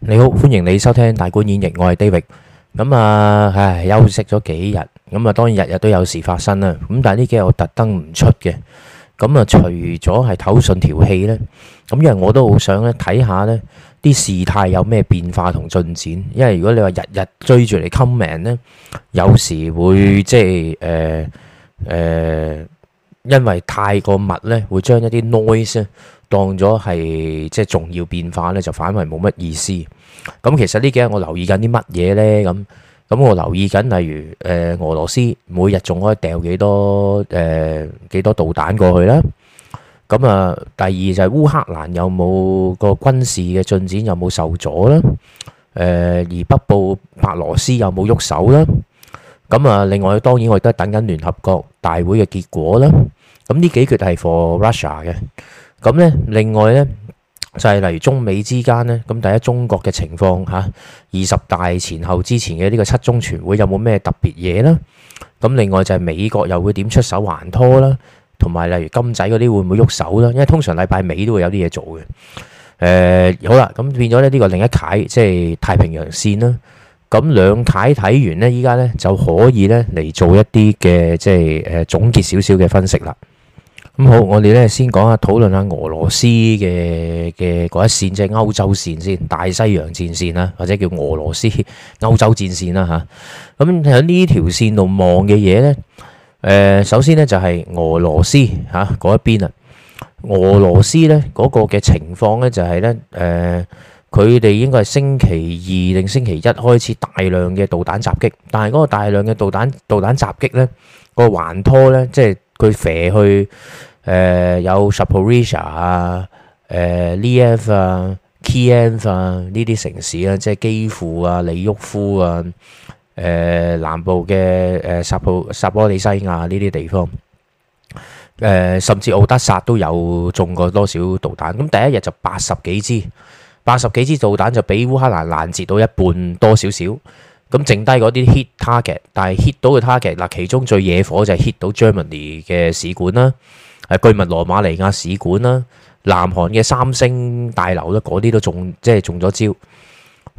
你好，歡迎你收聽大觀演繹，我係 David。咁啊，唉，休息咗幾日，咁啊，當然日日都有事發生啦。咁但係呢幾日我特登唔出嘅，咁啊，除咗係唞順條氣咧，咁因為我都好想咧睇下呢啲事態有咩變化同進展。因為如果你話日日追住嚟 comment 咧，有時會即係誒誒，因為太過密咧，會將一啲 noise 當咗係即係重要變化咧，就反為冇乜意思。咁其實呢幾日我留意緊啲乜嘢呢？咁咁我留意緊，例如誒俄羅斯每日仲可以掉幾多誒幾多導彈過去啦。咁啊，第二就係烏克蘭有冇個軍事嘅進展有冇受阻啦？誒而北部白羅斯有冇喐手啦？咁啊，另外當然我亦都係等緊聯合國大會嘅結果啦。咁呢幾橛係 for Russia 嘅。咁咧，另外咧就係例如中美之間咧，咁第一中國嘅情況吓，二十大前後之前嘅呢個七中全會有冇咩特別嘢啦？咁另外就係美國又會點出手還拖啦，同埋例如金仔嗰啲會唔會喐手啦？因為通常禮拜尾都會有啲嘢做嘅。誒、呃，好啦，咁變咗咧呢個另一楷即係太平洋線啦。咁兩楷睇完呢，依家咧就可以咧嚟，做一啲嘅即係誒總結少少嘅分析啦。咁好，我哋咧先講下討論下俄羅斯嘅嘅嗰一線，即係歐洲線先，大西洋戰線啦，或者叫俄羅斯歐洲戰線啦。吓，咁喺呢條線度望嘅嘢咧，誒，首先咧就係俄羅斯吓嗰一邊啊。俄羅斯咧嗰個嘅情況咧就係咧，誒，佢哋應該係星期二定星期一開始大量嘅導彈襲擊，但係嗰個大量嘅導彈導彈襲擊咧個環拖咧，即係佢射去。誒、呃、有、ah, 呃 f, f, 啊呃呃、薩波利西亞啊，誒 LiF 啊 k m 啊，呢啲城市啊，即係基庫啊、李沃夫啊，誒南部嘅誒薩波薩波利西亞呢啲地方，誒、呃、甚至奧德薩都有中過多少導彈。咁第一日就八十幾支，八十幾支導彈就俾烏克蘭攔截到一半多少少。咁剩低嗰啲 hit target，但係 hit 到嘅 target 嗱，其中最惹火就係 hit 到 Germany 嘅使館啦。係，據聞羅馬尼亞使館啦，南韓嘅三星大樓啦，嗰啲都中即係中咗招。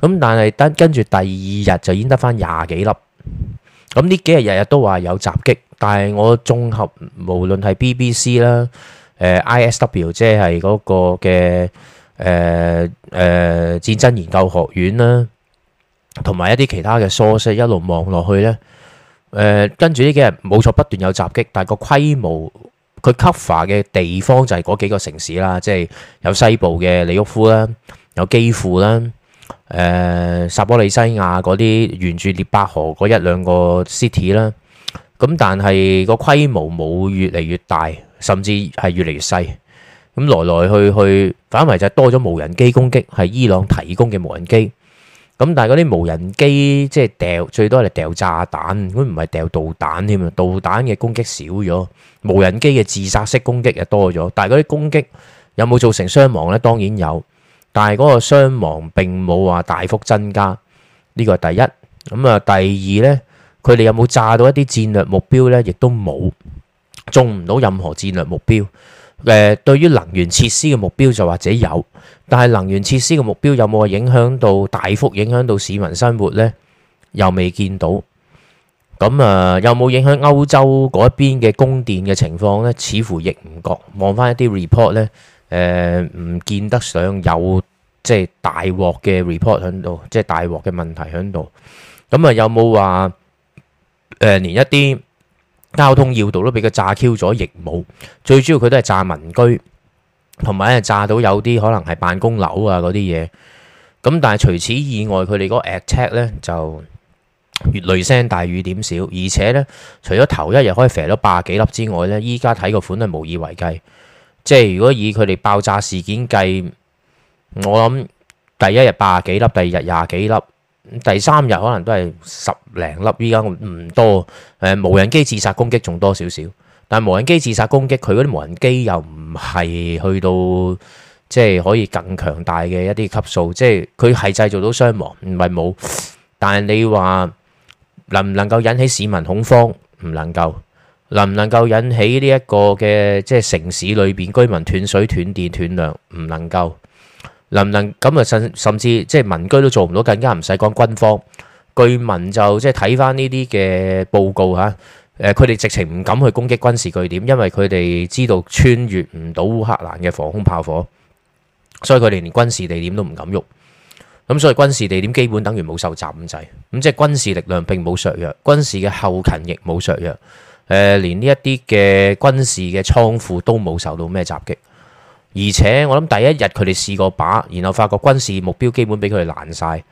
咁但係跟跟住第二日就已經得返廿幾粒。咁呢幾日日日都話有襲擊，但係我綜合無論係 BBC 啦、呃，誒 ISW 即係嗰個嘅誒誒戰爭研究學院啦，同埋一啲其他嘅 source 一路望落去呢誒、呃、跟住呢幾日冇錯不斷有襲擊，但係個規模。佢 cover 嘅地方就係嗰幾個城市啦，即係有西部嘅利沃夫啦，有基輔啦，誒、呃、薩波利西亞嗰啲沿住聶伯河嗰一兩個 city 啦。咁但係個規模冇越嚟越大，甚至係越嚟越細，咁來來去去，反為就係多咗無人機攻擊，係伊朗提供嘅無人機。咁但係嗰啲無人機，即係掉最多係掉炸彈，佢唔係掉導彈添啊！導彈嘅攻擊少咗，無人機嘅自殺式攻擊又多咗。但係嗰啲攻擊有冇造成傷亡呢？當然有，但係嗰個傷亡並冇話大幅增加。呢個係第一。咁啊，第二呢，佢哋有冇炸到一啲戰略目標呢？亦都冇，中唔到任何戰略目標。誒，對於能源設施嘅目標就或者有。但係能源設施嘅目標有冇影響到大幅影響到市民生活呢？又未見到。咁啊，有冇影響歐洲嗰一邊嘅供電嘅情況呢？似乎亦唔覺。望翻一啲 report 呢，呃，唔見得上有即係大鑊嘅 report 喺度，即係大鑊嘅問題喺度。咁啊，有冇話誒連一啲交通要道都俾佢炸 Q 咗？亦冇。最主要佢都係炸民居。同埋炸到有啲可能係辦公樓啊嗰啲嘢，咁但係除此以外，佢哋嗰個 attack 呢就越雷聲大雨點小，而且呢，除咗頭一日可以飛到八十幾粒之外呢，依家睇個款係無以為繼。即係如果以佢哋爆炸事件計，我諗第一日八十幾粒，第二日廿幾粒，第三日可能都係十零粒。依家唔多，誒無人機自殺攻擊仲多少少。但係無人機自殺攻擊，佢嗰啲無人機又唔係去到即係可以更強大嘅一啲級數，即係佢係製造到傷亡，唔係冇。但係你話能唔能夠引起市民恐慌？唔能夠，能唔能夠引起呢一個嘅即係城市裏邊居民斷水斷電斷糧？唔能夠，能唔能咁啊甚甚至即係民居都做唔到，更加唔使講軍方。據聞就即係睇翻呢啲嘅報告嚇。誒，佢哋直情唔敢去攻擊軍事據點，因為佢哋知道穿越唔到烏克蘭嘅防空炮火，所以佢哋連軍事地點都唔敢喐。咁所以軍事地點基本等於冇受襲擊，咁即係軍事力量並冇削弱，軍事嘅後勤亦冇削弱。誒，連呢一啲嘅軍事嘅倉庫都冇受到咩襲擊，而且我諗第一日佢哋試過把，然後發覺軍事目標基本俾佢哋攔晒。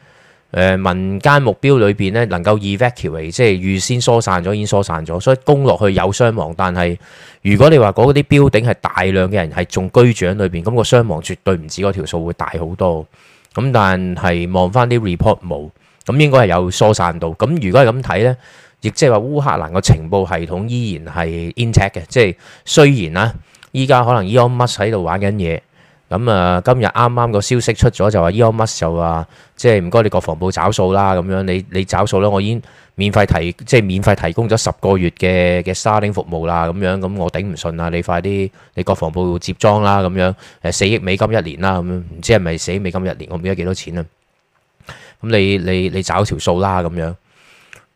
誒、呃、民間目標裏邊咧，能夠 evacuate，即係預先疏散咗，已經疏散咗，所以攻落去有傷亡。但係如果你話嗰啲標頂係大量嘅人係仲居住喺裏邊，咁個傷亡絕對唔止嗰條數會大好多。咁但係望翻啲 report 冇，咁應該係有疏散到。咁如果係咁睇咧，亦即係話烏克蘭個情報系統依然係 intact 嘅，即係雖然啦、啊，依家可能 Elon Musk 喺度玩緊嘢。咁啊！今日啱啱個消息出咗就話 Elon Musk 就話，即係唔該你國防部找數啦，咁樣你你找數啦，我已經免費提即係、就是、免費提供咗十個月嘅嘅沙丁服務啦，咁樣咁我頂唔順啊！你快啲你國防部接裝啦，咁樣誒四億美金一年啦，咁樣唔知係咪四億美金一年？我唔記得幾多錢啦。咁你你你找條數啦，咁樣。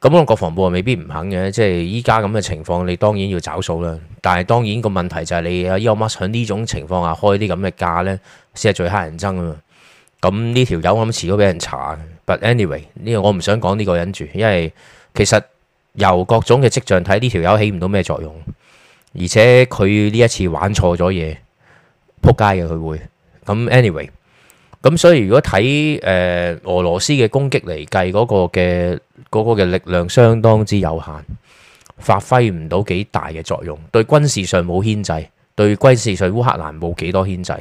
咁我國防部未必唔肯嘅，即係依家咁嘅情況，你當然要找數啦。但係當然個問題就係你阿 Elon Musk 喺呢種情況下開啲咁嘅價呢，先係最乞人憎啊嘛。咁呢條友我諗遲早俾人查嘅。But anyway，呢個我唔想講呢個人住，因為其實由各種嘅跡象睇，呢條友起唔到咩作用，而且佢呢一次玩錯咗嘢，撲街嘅佢會。咁 anyway。咁所以如果睇誒俄羅斯嘅攻擊嚟計，嗰個嘅嗰個嘅力量相當之有限，發揮唔到幾大嘅作用。對軍事上冇牽制，對軍事上烏克蘭冇幾多牽制。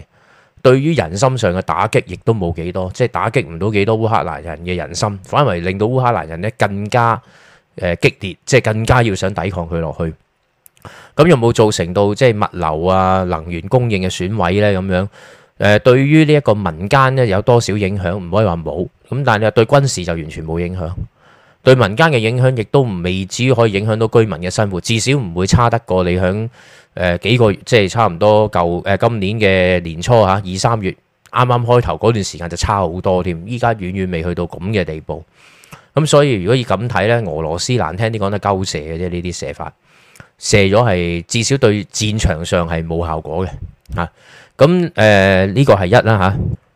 對於人心上嘅打擊，亦都冇幾多，即係打擊唔到幾多烏克蘭人嘅人心，反而令到烏克蘭人咧更加誒激烈，即係更加要想抵抗佢落去。咁有冇造成到即係物流啊、能源供應嘅損毀咧咁樣。誒對於呢一個民間咧有多少影響，唔可以話冇咁，但係對軍事就完全冇影響。對民間嘅影響亦都未至於可以影響到居民嘅生活，至少唔會差得過你響誒幾個月，即係差唔多舊今年嘅年初嚇二三月啱啱開頭嗰段時間就差好多添，依家遠遠未去到咁嘅地步。咁所以如果要咁睇呢，俄羅斯難聽啲講得鳩射嘅啫，呢啲射法射咗係至少對戰場上係冇效果嘅嚇。咁誒呢個係一啦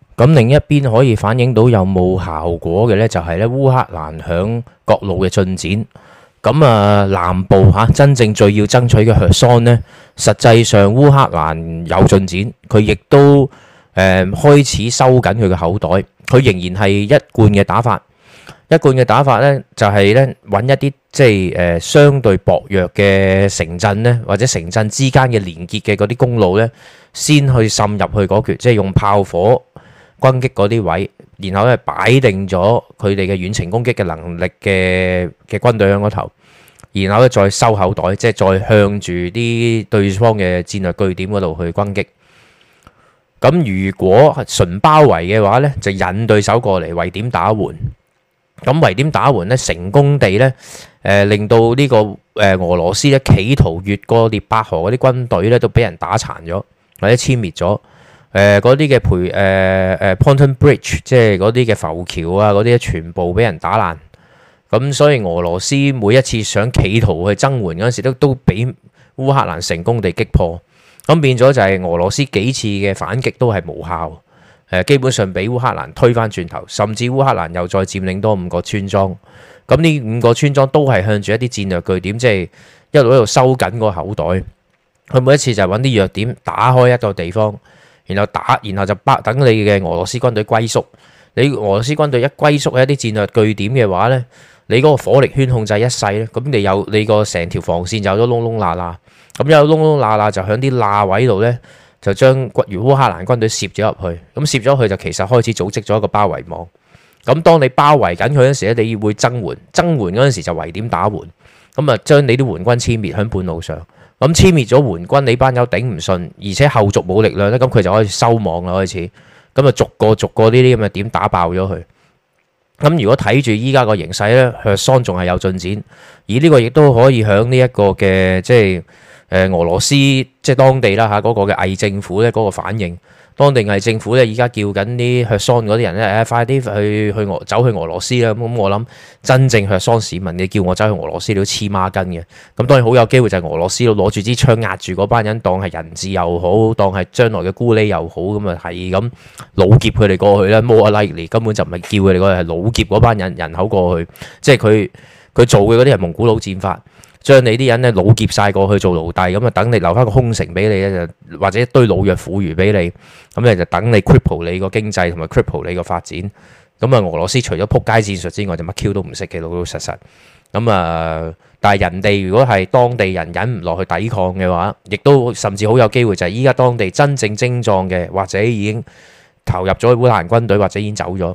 吓，咁、啊、另一邊可以反映到有冇效果嘅呢，就係、是、呢烏克蘭響各路嘅進展，咁啊南部吓、啊，真正最要爭取嘅赫桑咧，實際上烏克蘭有進展，佢亦都誒、啊、開始收緊佢嘅口袋，佢仍然係一貫嘅打法，一貫嘅打法呢，就係呢揾一啲即係、啊、相對薄弱嘅城鎮呢，或者城鎮之間嘅連結嘅嗰啲公路呢，先去滲入去嗰橛，即係用炮火轟擊嗰啲位，然後咧擺定咗佢哋嘅遠程攻擊嘅能力嘅嘅軍隊喺個頭，然後咧再收口袋，即係再向住啲對方嘅戰略據點嗰度去轟擊。咁如果純包圍嘅話咧，就引對手過嚟圍點打援。咁圍點打援咧，成功地咧，誒令到呢個誒俄羅斯咧企圖越過列巴河嗰啲軍隊咧都俾人打殘咗。或者殲滅咗，誒嗰啲嘅陪誒、呃呃、Pontoon Bridge，即係嗰啲嘅浮橋啊，嗰啲全部俾人打爛。咁所以俄羅斯每一次想企圖去增援嗰陣時，都都俾烏克蘭成功地擊破。咁變咗就係俄羅斯幾次嘅反擊都係無效，呃，基本上俾烏克蘭推返轉頭，甚至烏克蘭又再佔領多五個村莊。咁呢五個村莊都係向住一啲戰略據點，即係一路一路收緊個口袋。佢每一次就揾啲弱點，打開一個地方，然後打，然後就等你嘅俄羅斯軍隊龜縮。你俄羅斯軍隊一龜縮，一啲戰略據點嘅話呢，你嗰個火力圈控制一細，咧，咁你有你個成條防線就有咗窿窿罅罅。咁有窿窿罅罅就喺啲罅位度呢，就將如烏克蘭軍隊攝咗入去。咁攝咗佢，就其實開始組織咗一個包圍網。咁當你包圍緊佢嗰時咧，你會增援，增援嗰陣時就圍點打援。咁啊，將你啲援軍殲滅喺半路上。咁殲滅咗援軍，你班友頂唔順，而且後續冇力量咧，咁佢就開始就可以收網啦，開始咁啊，逐個逐個呢啲咁嘅點打爆咗佢。咁、嗯、如果睇住依家個形勢咧，佢喪仲係有進展，而呢個亦都可以響呢一個嘅即係。誒，俄羅斯即係當地啦嚇，嗰個嘅偽政府咧，嗰個反應，當地偽政府咧，而家叫緊啲赫爾松嗰啲人咧，誒，快啲去去俄走去俄羅斯啦！咁、嗯、我諗真正赫爾松市民你叫我走去俄羅斯，你都黐孖筋嘅。咁、嗯、當然好有機會就係俄羅斯攞住支槍壓住嗰班人，當係人質又好，當係將來嘅咕喱又好，咁啊係咁老劫佢哋過去啦，more likely 根本就唔係叫佢哋過去，係老劫嗰班人人口過去，即係佢佢做嘅嗰啲係蒙古佬戰法。將你啲人咧老劫晒過去做奴隸，咁啊等你留翻個空城俾你咧，就或者一堆老弱婦孺俾你，咁咧就等你 cripple 你個經濟同埋 cripple 你個發展。咁啊，俄羅斯除咗撲街戰術之外，就乜 Q 都唔識嘅，老老實實。咁啊，但係人哋如果係當地人忍唔落去抵抗嘅話，亦都甚至好有機會就係依家當地真正精壯嘅，或者已經投入咗烏蘭軍隊，或者已經走咗。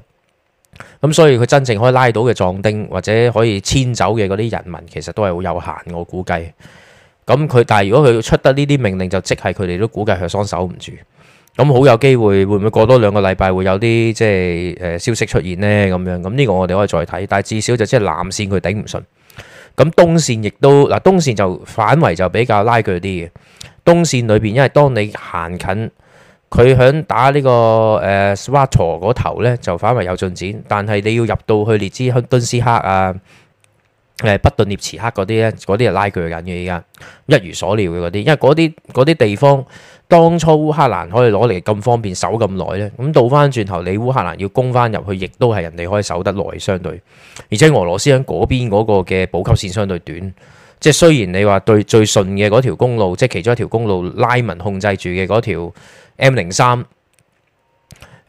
咁所以佢真正可以拉到嘅壯丁或者可以遷走嘅嗰啲人民，其實都係好有限，我估計。咁佢但係如果佢出得呢啲命令，就即係佢哋都估計佢守唔住。咁好有機會會唔會過多兩個禮拜會有啲即係誒消息出現呢？咁樣咁呢個我哋可以再睇，但係至少就即係南線佢頂唔順。咁東線亦都嗱、呃，東線就反而就比較拉鋸啲嘅。東線裏邊，因為當你行近。佢喺打個 S 呢個誒斯瓦陀嗰頭咧，就反為有進展。但係你要入到去列支敦斯克啊、誒北頓涅茨克嗰啲呢，嗰啲係拉鋸緊嘅依家。一如所料嘅嗰啲，因為嗰啲啲地方當初烏克蘭可以攞嚟咁方便守咁耐呢。咁倒翻轉頭，你烏克蘭要攻翻入去，亦都係人哋可以守得耐，相對。而且俄羅斯喺嗰邊嗰個嘅補給線相對短，即係雖然你話對最順嘅嗰條公路，即係其中一條公路拉文控制住嘅嗰條。M 零三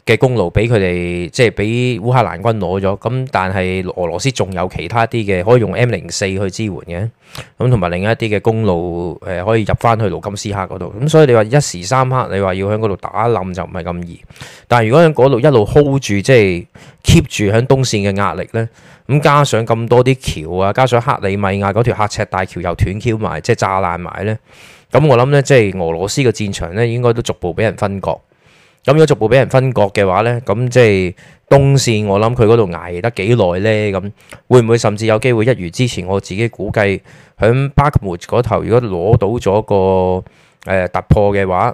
嘅公路俾佢哋即係俾烏克蘭軍攞咗，咁但係俄羅斯仲有其他啲嘅可以用 M 零四去支援嘅，咁同埋另一啲嘅公路誒可以入翻去盧金斯克嗰度，咁所以你話一時三刻你話要喺嗰度打冧就唔係咁易，但係如果喺嗰度一路 hold 住即係 keep 住喺東線嘅壓力呢，咁加上咁多啲橋啊，加上克里米亞嗰條刻赤大橋又斷橋埋，即係炸爛埋呢。咁我諗咧，即係俄羅斯嘅戰場咧，應該都逐步俾人分割。咁如果逐步俾人分割嘅話咧，咁即係東線，我諗佢嗰度挨得幾耐咧？咁會唔會甚至有機會一如之前我自己估計，響巴克穆嗰頭，如果攞到咗個誒、呃、突破嘅話，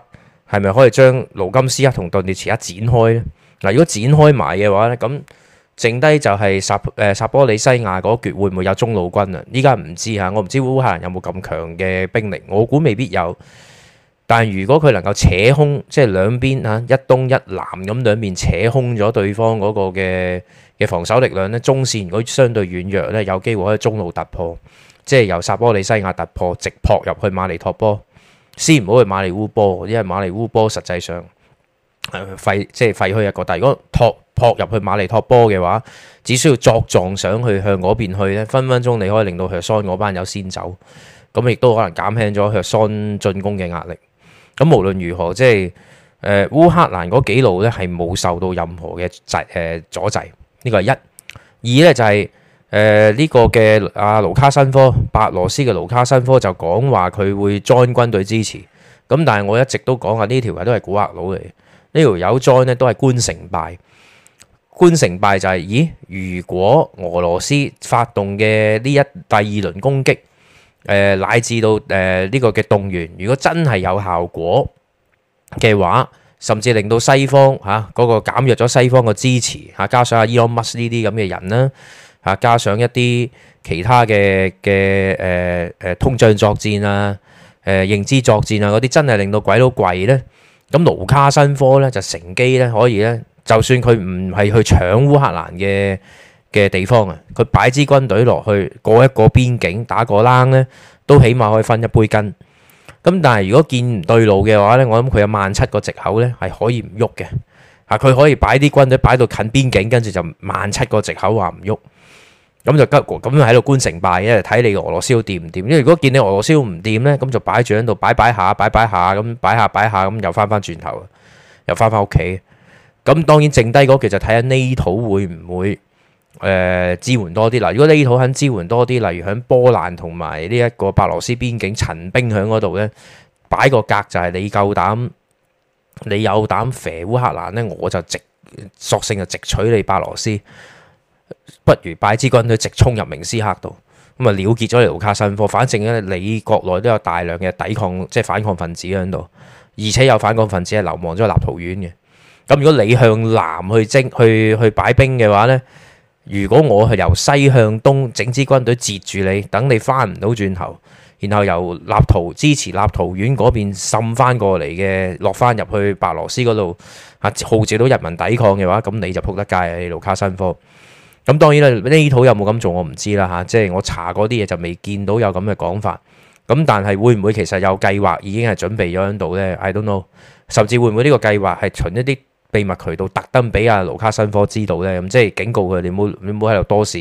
係咪可以將盧甘斯克同頓列茨克展開咧？嗱，如果展開埋嘅話咧，咁。剩低就係薩誒薩波利西亞嗰一決會唔會有中路軍啊？依家唔知嚇，我唔知烏克蘭有冇咁強嘅兵力，我估未必有。但如果佢能夠扯空，即係兩邊嚇，一東一南咁兩邊扯空咗對方嗰個嘅嘅防守力量咧，中線如果相對軟弱咧，有機會可以中路突破，即係由薩波利西亞突破直撲入去馬尼托波，先唔好去馬里烏波，因為馬里烏波實際上。誒廢即係廢墟一個，但如果託撲入去馬利托波嘅話，只需要作狀上去向嗰邊去咧，分分鐘你可以令到赫松嗰班友先走，咁亦都可能減輕咗赫松進攻嘅壓力。咁無論如何，即係誒、呃、烏克蘭嗰幾路咧係冇受到任何嘅制誒阻滯，呢個係一。二咧就係誒呢個嘅阿盧卡申科，白羅斯嘅盧卡申科就講話佢會 join 軍隊支持。咁但係我一直都講話，呢條嘅都係古惑佬嚟。呢條友災咧，join, 都係觀成敗。觀成敗就係、是，咦？如果俄羅斯發動嘅呢一第二輪攻擊、呃，乃至到誒呢、呃這個嘅動員，如果真係有效果嘅話，甚至令到西方嚇嗰、啊那個減弱咗西方嘅支持嚇、啊，加上、e、Musk 啊伊隆馬斯呢啲咁嘅人啦，嚇，加上一啲其他嘅嘅誒誒通脹作戰啊、誒認知作戰啊嗰啲，真係令到鬼佬跪呢。咁盧卡申科咧就乘機咧可以咧，就算佢唔係去搶烏克蘭嘅嘅地方啊，佢擺支軍隊落去過一個邊境打個冷咧，都起碼可以分一杯羹。咁但係如果見唔對路嘅話咧，我諗佢有萬七個藉口咧係可以唔喐嘅，啊佢可以擺啲軍隊擺到近邊境，跟住就萬七個藉口話唔喐。咁就吉，咁喺度觀成敗。一係睇你俄羅斯掂唔掂。因為如果見你俄羅斯唔掂呢，咁就擺住喺度擺擺下，擺擺下，咁擺下擺下，咁又翻翻轉頭，又翻翻屋企。咁當然剩低嗰期就睇下呢土會唔會誒、呃、支援多啲。嗱，如果呢土肯支援多啲，例如響波蘭同埋呢一個白羅斯邊境陳兵響嗰度呢，擺個格就係你夠膽，你有膽射烏克蘭呢，我就直索性就直取你白羅斯。不如擺支軍隊直衝入明斯克度，咁啊了結咗盧卡申科。反正咧，你國內都有大量嘅抵抗，即係反抗分子喺度，而且有反抗分子係流亡咗立陶宛嘅。咁如果你向南去征，去去擺兵嘅話咧，如果我係由西向東整支軍隊截住你，等你翻唔到轉頭，然後由立陶支持立陶宛嗰邊滲翻過嚟嘅，落翻入去白羅斯嗰度吓號召到人民抵抗嘅話，咁你就撲得街啊，盧卡申科！咁當然啦，呢套有冇咁做我唔知啦吓、啊，即係我查嗰啲嘢就未見到有咁嘅講法。咁但係會唔會其實有計劃已經係準備咗喺度呢 I don't know。甚至會唔會呢個計劃係循一啲秘密渠道特登俾阿盧卡申科知道呢？咁、嗯、即係警告佢，你冇你冇喺度多事。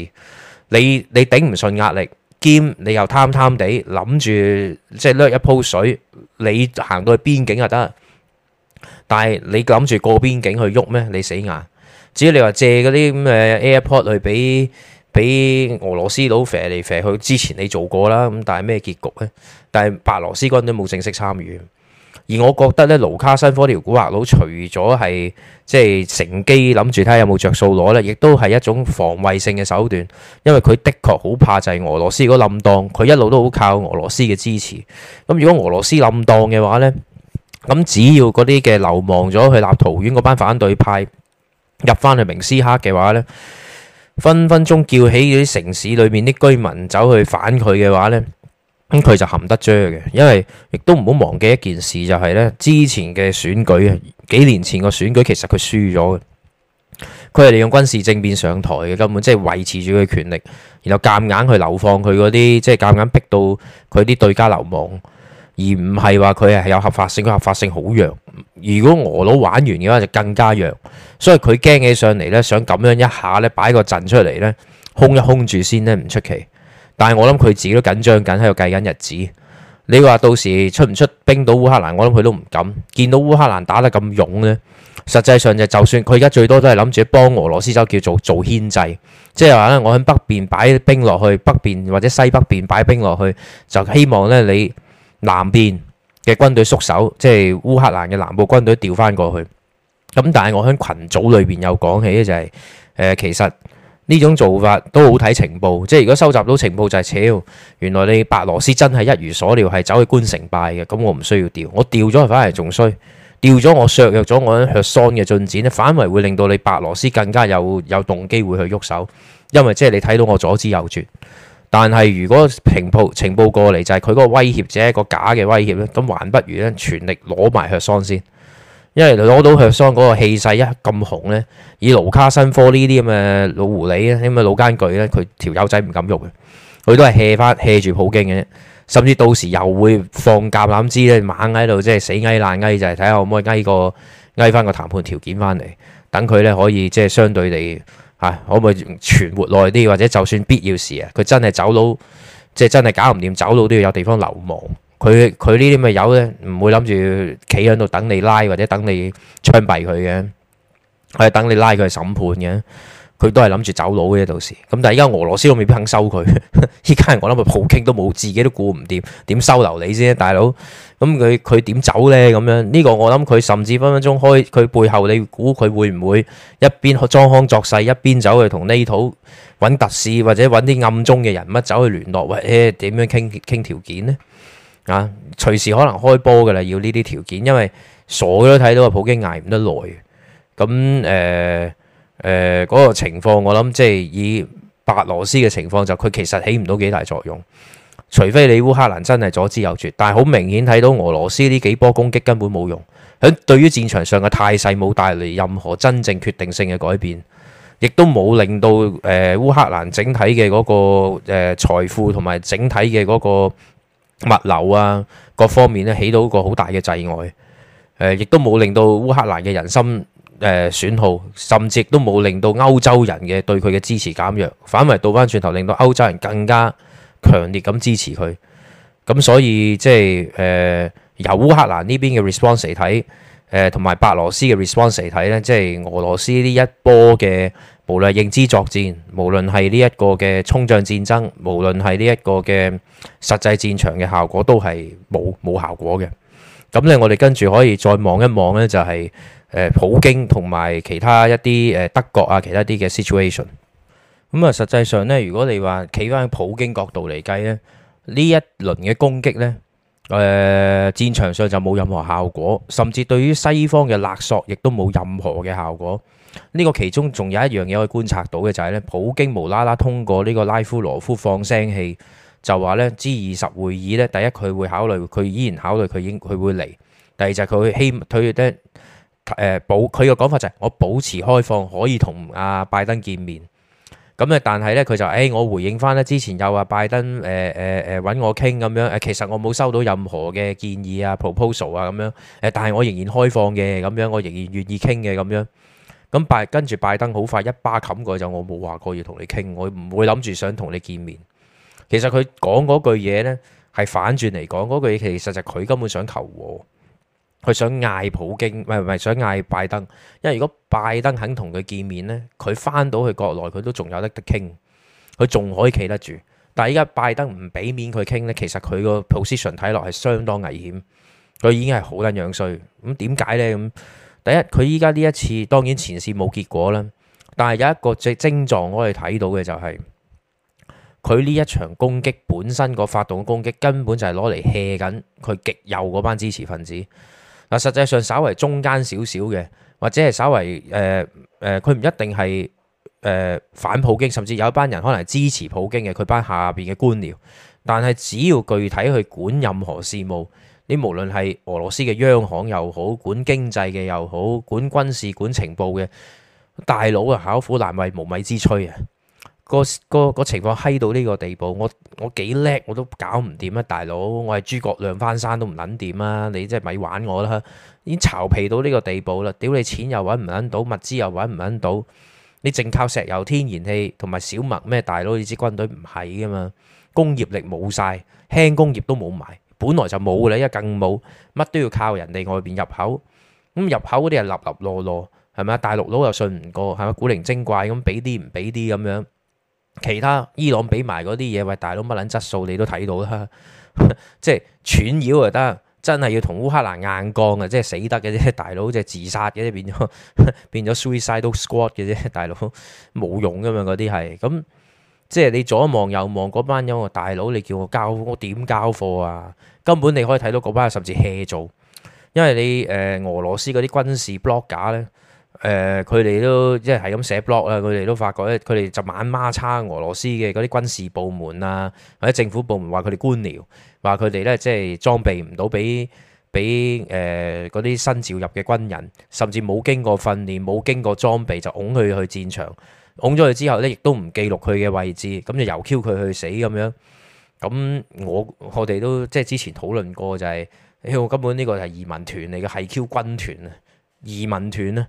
你你頂唔順壓力，兼你又貪貪地諗住即係掠一鋪水，你行到去邊境就得。但係你諗住過邊境去喐咩？你死硬！只要你話借嗰啲咁誒 AirPod 去俾俾俄羅斯佬飛嚟飛去，之前你做過啦。咁但係咩結局呢？但係白羅斯軍都冇正式參與，而我覺得咧，盧卡申科條古惑佬，除咗係即係乘機諗住睇下有冇着數攞呢，亦都係一種防衛性嘅手段，因為佢的確好怕就係俄羅斯如果冧檔。佢一路都好靠俄羅斯嘅支持。咁如果俄羅斯冧檔嘅話呢，咁只要嗰啲嘅流亡咗去立陶宛嗰班反對派。入翻去明斯克嘅話呢，分分鐘叫起啲城市裏面啲居民走去反佢嘅話呢，咁佢就含得張嘅，因為亦都唔好忘記一件事，就係呢之前嘅選舉啊，幾年前個選舉其實佢輸咗嘅，佢係利用軍事政變上台嘅，根本即係維持住佢權力，然後夾硬去流放佢嗰啲，即係夾硬逼到佢啲對家流亡。而唔係話佢係有合法性，佢合法性好弱。如果俄佬玩完嘅話，就更加弱。所以佢驚起上嚟呢，想咁樣一下呢，擺個陣出嚟呢，空一空住先呢，唔出奇。但係我諗佢自己都緊張緊，喺度計緊日子。你話到時出唔出兵到烏克蘭？我諗佢都唔敢見到烏克蘭打得咁勇呢，實際上就就算佢而家最多都係諗住幫俄羅斯州叫做做牽制，即係話呢，我喺北邊擺兵落去，北邊或者西北邊擺兵落去，就希望呢你，南邊嘅軍隊縮手，即係烏克蘭嘅南部軍隊調翻過去。咁但係我喺群組裏邊有講起，就係誒其實呢種做法都好睇情報，即係如果收集到情報就係、是、扯，原來你白羅斯真係一如所料係走去官城拜嘅，咁我唔需要調，我調咗反而仲衰，調咗我削弱咗我喺血喪嘅進展咧，反為會令到你白羅斯更加有有動機會去喐手，因為即係你睇到我左支右絀，但係如果情報情報過嚟就係佢個威脅只係個假嘅威脅咧，咁還不如咧全力攞埋核桑先，因為攞到核桑嗰個氣勢一咁紅咧，以盧卡申科呢啲咁嘅老狐狸咧，咁嘅老奸巨咧，佢條友仔唔敢喐嘅，佢都係 hea 翻 hea 住普京嘅，甚至到時又會放橄欖枝咧，猛喺度即係死嗌爛嗌就係睇下可唔可以嗌個嗌翻個談判條件翻嚟，等佢咧可以即係相對地。啊！可唔可以存活耐啲？或者就算必要時啊，佢真係走佬，即係真係搞唔掂，走佬都要有地方流亡。佢佢呢啲咁嘅友咧，唔會諗住企喺度等你拉，或者等你槍斃佢嘅。佢係等你拉佢審判嘅，佢都係諗住走佬嘅。到時咁，但係依家俄羅斯都未必肯收佢。依家我諗咪普京都冇，自己都顧唔掂，點收留你先，大佬？咁佢佢點走呢？咁樣呢個我諗佢甚至分分鐘開佢背後，你估佢會唔會一邊裝腔作勢，一邊走去同呢套揾特使或者揾啲暗中嘅人物走去聯絡，或者點樣傾傾條件呢？啊，隨時可能開波噶啦！要呢啲條件，因為傻都睇到個普京挨唔得耐嘅。咁誒誒，嗰個情況我諗即係以白羅斯嘅情況，就佢其實起唔到幾大作用。除非你烏克蘭真係左支右絀，但係好明顯睇到俄羅斯呢幾波攻擊根本冇用，喺對於戰場上嘅態勢冇帶嚟任何真正決定性嘅改變，亦都冇令到誒、呃、烏克蘭整體嘅嗰、那個誒、呃、財富同埋整體嘅嗰個物流啊各方面呢起到一個好大嘅窒礙，誒、呃、亦都冇令到烏克蘭嘅人心誒、呃、損耗，甚至都冇令到歐洲人嘅對佢嘅支持減弱，反為倒返轉頭令到歐洲人更加強烈咁支持佢，咁所以即係誒由烏克蘭呢邊嘅 response 嚟睇，誒同埋白羅斯嘅 response 嚟睇咧，即係俄羅斯呢一波嘅無論係認知作戰，無論係呢一個嘅通脹戰爭，無論係呢一個嘅實際戰場嘅效果都係冇冇效果嘅。咁咧，我哋跟住可以再望一望咧，就係誒普京同埋其他一啲誒德國啊，其他啲嘅 situation。咁啊，實際上咧，如果你話企翻喺普京角度嚟計咧，呢一輪嘅攻擊咧，誒、呃、戰場上就冇任何效果，甚至對於西方嘅勒索亦都冇任何嘅效果。呢、這個其中仲有一樣嘢可以觀察到嘅就係咧，普京無啦啦通過呢個拉夫羅夫放聲氣，就話咧 G 二十會議咧，第一佢會考慮，佢依然考慮佢應佢會嚟；第二就佢希佢咧誒保佢嘅講法就係、是、我保持開放，可以同阿、啊、拜登見面。咁咧，但係咧，佢就誒、哎，我回應翻咧，之前又話拜登誒誒誒揾我傾咁樣，誒、呃、其實我冇收到任何嘅建議啊 proposal 啊咁樣，誒、呃呃、但係我仍然開放嘅，咁、呃、樣、呃、我仍然願意傾嘅，咁、呃、樣。咁拜跟住拜登好快一巴冚過去就，我冇話過要同你傾，我唔會諗住想同你見面。其實佢講嗰句嘢咧，係反轉嚟講嗰句嘢，其實就佢根本想求和。佢想嗌普京，唔係唔係想嗌拜登，因為如果拜登肯同佢見面咧，佢翻到去國內佢都仲有得得傾，佢仲可以企得住。但係依家拜登唔俾面佢傾咧，其實佢個 position 睇落係相當危險，佢已經係好撚樣衰。咁點解咧？咁第一，佢依家呢一次當然前線冇結果啦，但係有一個症症狀我哋睇到嘅就係佢呢一場攻擊本身個發動攻擊根本就係攞嚟 hea 緊佢極右嗰班支持分子。嗱，實際上稍為中間少少嘅，或者係稍為誒誒，佢唔一定係誒反普京，甚至有一班人可能係支持普京嘅，佢班下邊嘅官僚。但係只要具體去管任何事務，你無論係俄羅斯嘅央行又好，管經濟嘅又好，管軍事、管情報嘅大佬啊，巧婦難為無米之炊啊！個個個情況閪到呢個地步，我我幾叻我都搞唔掂啊！大佬，我係諸葛亮翻山都唔撚掂啊！你真係咪玩我啦？已經巢皮到呢個地步啦！屌你錢又揾唔揾到，物資又揾唔揾到，你淨靠石油、天然氣同埋小麥，咩？大佬，你支軍隊唔係噶嘛，工業力冇晒，輕工業都冇埋，本來就冇嘅啦，一更冇，乜都要靠人哋外邊入口。咁入口嗰啲又立立落落，係咪啊？大陸佬又信唔過，係咪古靈精怪咁俾啲唔俾啲咁樣？其他伊朗俾埋嗰啲嘢，喂，大佬乜撚質素你都睇到啦， 即係串擾就得，真係要同烏克蘭硬剛呀，即係死得嘅啫，大佬，即係自殺嘅啫，變咗 變咗 suicidal squad 嘅啫，大佬冇用噶嘛嗰啲係，咁、嗯、即係你左望右望嗰班有個大佬，你叫我交我點交貨啊？根本你可以睇到嗰班甚至 hea 做，因為你誒、呃、俄羅斯嗰啲軍事 block 架咧。誒，佢哋、呃、都即係係咁寫 blog 啦，佢哋都發覺咧，佢哋就猛孖叉俄羅斯嘅嗰啲軍事部門啊，或者政府部門話佢哋官僚，話佢哋咧即係裝備唔到俾俾誒嗰啲新召入嘅軍人，甚至冇經過訓練、冇經過裝備就擁佢去戰場，擁咗佢之後咧，亦都唔記錄佢嘅位置，咁就由 Q 佢去死咁樣。咁我我哋都即係之前討論過就係、是哎，我根本呢個係移民團嚟嘅，係 Q 軍團啊，移民團啊。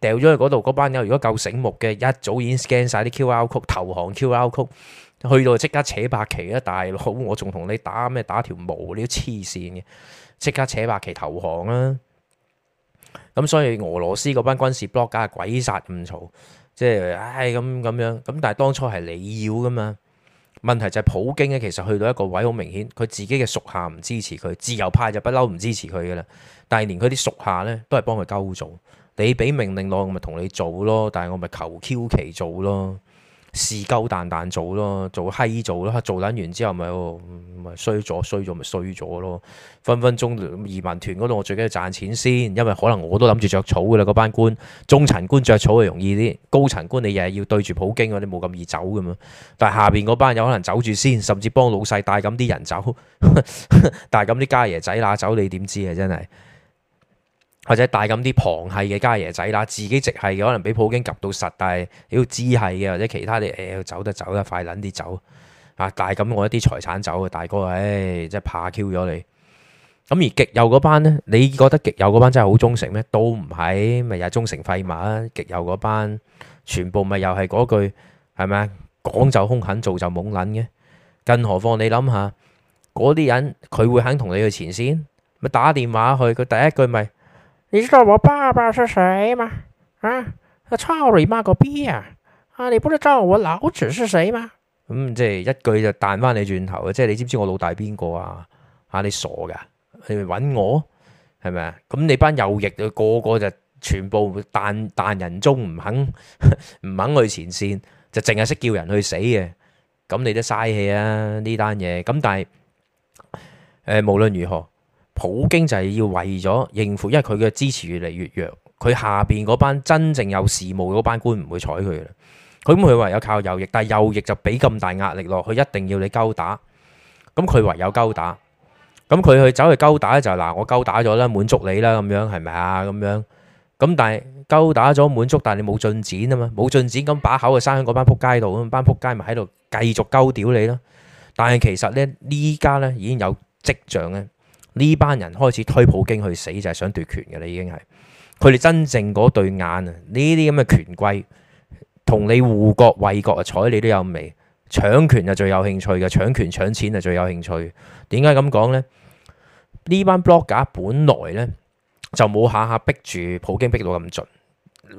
掉咗去嗰度，嗰班友如果夠醒目嘅，一早已經 scan 晒啲 QR code，投降 QR code，去到即刻扯白旗啊！大佬，我仲同你打咩打條毛？你都黐線嘅，即刻扯白旗投降啦、啊！咁所以俄羅斯嗰班軍事 blog 梗係鬼殺咁嘈，即係唉咁咁樣。咁但係當初係你要噶嘛？問題就係普京咧，其實去到一個位好明顯，佢自己嘅屬下唔支持佢，自由派就不嬲唔支持佢噶啦。但係連佢啲屬下咧都係幫佢勾眾。你俾命令我，我咪同你做咯。但係我咪求 Q 其做咯，事鳩蛋蛋做咯，做閪做咯。做捻完之後，咪、哦、咪衰咗，衰咗咪衰咗咯。分分鐘移民團嗰度，我最緊要賺錢先，因為可能我都諗住着草噶啦。嗰班官，中層官着草啊容易啲，高層官你日日要對住普京嗰啲，你冇咁易走噶嘛。但係下邊嗰班有可能走住先，甚至幫老細帶咁啲人走。但係咁啲家爺仔乸走，你點知啊？真係。或者帶咁啲旁系嘅家爺仔啦，自己直系嘅可能俾普京夾到實，但係妖知系嘅或者其他啲，誒、哎、走得走得，走得快撚啲走啊！帶咁我一啲財產走啊，大哥，唉、哎，真係怕 Q 咗你。咁而極右嗰班呢？你覺得極右嗰班真係好忠誠咩？都唔係咪又係忠誠廢物？極右嗰班全部咪又係嗰句，係咪啊？講就兇狠，做就懵撚嘅。更何況你諗下嗰啲人，佢會肯同你去前線？咪打電話去佢，第一句咪、就是？你知道我爸爸是誰嗎？啊，我操你媽個逼啊！啊，你不知道我老子是誰嗎？咁即係一句就彈翻你轉頭嘅，即係你知唔知我老大邊個啊？啊，你傻噶？你咪揾我係咪啊？咁你班右翼個個就全部彈彈人中唔肯唔 肯去前線，就淨係識叫人去死嘅。咁你都嘥氣啊呢單嘢。咁但係誒、呃，無論如何。普京就係要為咗應付，因為佢嘅支持越嚟越弱，佢下邊嗰班真正有事務嗰班官唔會睬佢嘅。佢咁佢唯有靠右翼，但係右翼就俾咁大壓力落，佢一定要你勾打。咁佢唯有勾打。咁佢去走去勾打，就係嗱我勾打咗啦，滿足你啦，咁樣係咪啊？咁樣咁但係勾打咗滿足，但係你冇進展啊嘛，冇進展咁把口就生喺嗰班撲街度咁，班撲街咪喺度繼續勾屌你啦。但係其實呢，呢家呢已經有跡象咧。呢班人開始推普京去死就係、是、想奪權嘅啦，你已經係佢哋真正嗰對眼啊！呢啲咁嘅權貴同你護國衛國啊，睬你都有味，搶權啊最有興趣嘅，搶權搶錢啊最有興趣。點解咁講呢？呢班 bloggers 本來呢，就冇下下逼住普京逼到咁盡，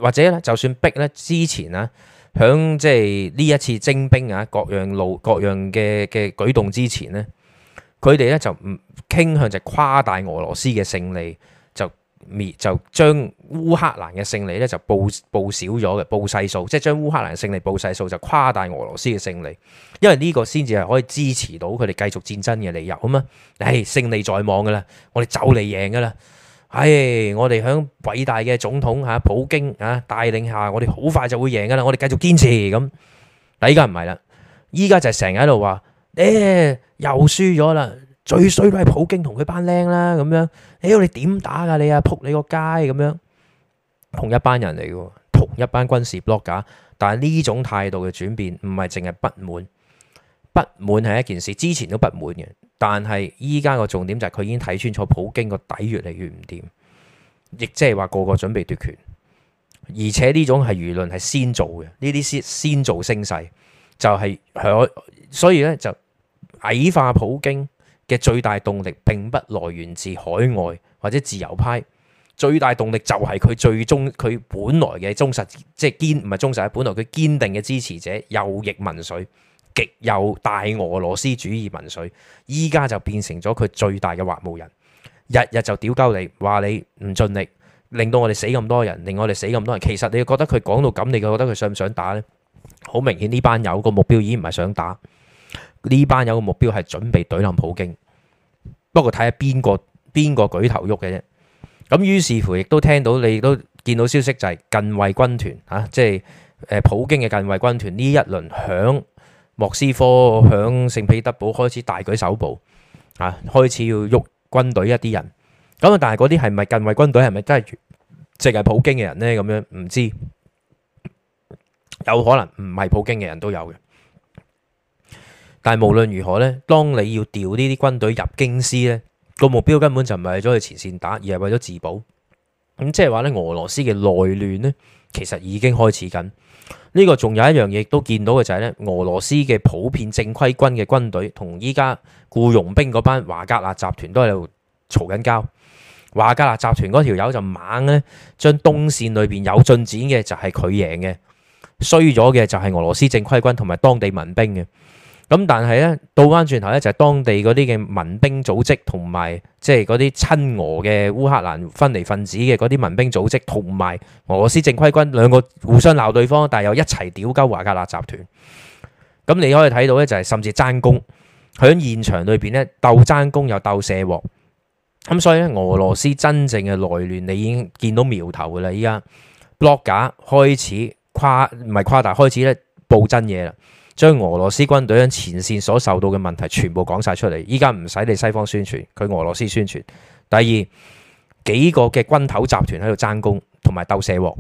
或者呢，就算逼呢之前啊，響即係呢一次徵兵啊，各樣路各樣嘅嘅舉動之前呢。佢哋咧就唔傾向就誇大俄羅斯嘅勝利，就滅就將烏克蘭嘅勝利咧就報報少咗嘅，報細數，即係將烏克蘭嘅勝利報細數就誇大俄羅斯嘅勝利，因為呢個先至係可以支持到佢哋繼續戰爭嘅理由啊嘛！唉，勝利在望㗎啦，我哋就嚟贏㗎啦！唉，我哋喺偉大嘅總統吓普京吓帶領下，我哋好快就會贏㗎啦，我哋繼續堅持咁。嗱，依家唔係啦，依家就係成日喺度話。誒、欸，又輸咗啦！最衰都係普京同佢班僆啦，咁樣，屌、欸、你點打噶你啊，撲你個街咁樣同，同一班人嚟嘅，同一班軍事 block 架、er,。但係呢種態度嘅轉變，唔係淨係不滿，不滿係一件事，之前都不滿嘅，但係依家個重點就係佢已經睇清楚普京個底越嚟越唔掂，亦即係話個個準備奪權，而且呢種係輿論係先做嘅，呢啲先先做聲勢，就係、是、我，所以咧就。矮化普京嘅最大動力並不來源自海外或者自由派，最大動力就係佢最忠佢本來嘅忠實，即係堅唔係忠實，本來佢堅定嘅支持者右翼民粹，極右大俄羅斯主義民粹，依家就變成咗佢最大嘅挖墓人，日日就屌鳩你，話你唔盡力，令到我哋死咁多人，令我哋死咁多人。其實你覺得佢講到咁，你覺得佢想唔想打呢？好明顯呢班友個目標已經唔係想打。呢班有個目標係準備懟冧普京，不過睇下邊個邊個舉頭喐嘅啫。咁於是乎亦都聽到你都見到消息就係近衛軍團啊，即係誒普京嘅近衛軍團呢一輪響莫斯科、響聖彼得堡開始大舉搜捕啊，開始要喐軍隊一啲人。咁但係嗰啲係咪近衛軍隊係咪真係淨係普京嘅人呢？咁樣唔知，有可能唔係普京嘅人都有嘅。但係無論如何咧，當你要調呢啲軍隊入京師咧，個目標根本就唔係為咗去前線打，而係為咗自保。咁即係話咧，俄羅斯嘅內亂咧，其實已經開始緊。呢個仲有一樣嘢都見到嘅就係、是、咧，俄羅斯嘅普遍正規軍嘅軍隊同依家雇傭兵嗰班華格納集團都喺度嘈緊交。華格納集團嗰條友就猛咧，將東線裏邊有進展嘅就係佢贏嘅，衰咗嘅就係俄羅斯正規軍同埋當地民兵嘅。咁但係咧，倒翻轉頭咧，就係當地嗰啲嘅民兵組織，同埋即係嗰啲親俄嘅烏克蘭分離分子嘅嗰啲民兵組織，同埋俄羅斯正規軍兩個互相鬧對方，但係又一齊屌鳩瓦格納集團。咁你可以睇到咧，就係甚至爭功響現場裏邊咧，鬥爭功又鬥卸鑊。咁所以咧，俄羅斯真正嘅內亂，你已經見到苗頭噶啦。依家 blogger 開始誇唔係誇大，開始咧報真嘢啦。將俄羅斯軍隊喺前綫所受到嘅問題全部講晒出嚟，依家唔使你西方宣傳，佢俄羅斯宣傳。第二幾個嘅軍頭集團喺度爭功同埋鬥卸鑊。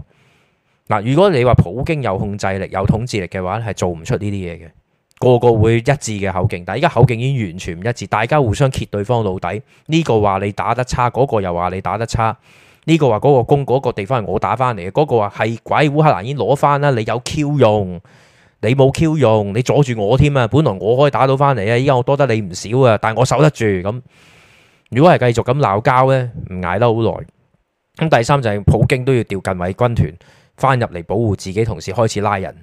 嗱，如果你話普京有控制力、有統治力嘅話，係做唔出呢啲嘢嘅，個個會一致嘅口徑。但係依家口徑已經完全唔一致，大家互相揭對方老底。呢、這個話你打得差，嗰、那個又話你打得差。呢、這個話嗰個攻嗰個地方係我打翻嚟嘅，嗰、那個話係鬼烏克蘭已攞翻啦，你有 Q 用。你冇 Q 用，你阻住我添啊！本來我可以打到翻嚟啊，依家我多得你唔少啊，但係我守得住咁。如果係繼續咁鬧交咧，唔挨得好耐。咁第三就係、是、普京都要調近衛軍團翻入嚟保護自己，同時開始拉人。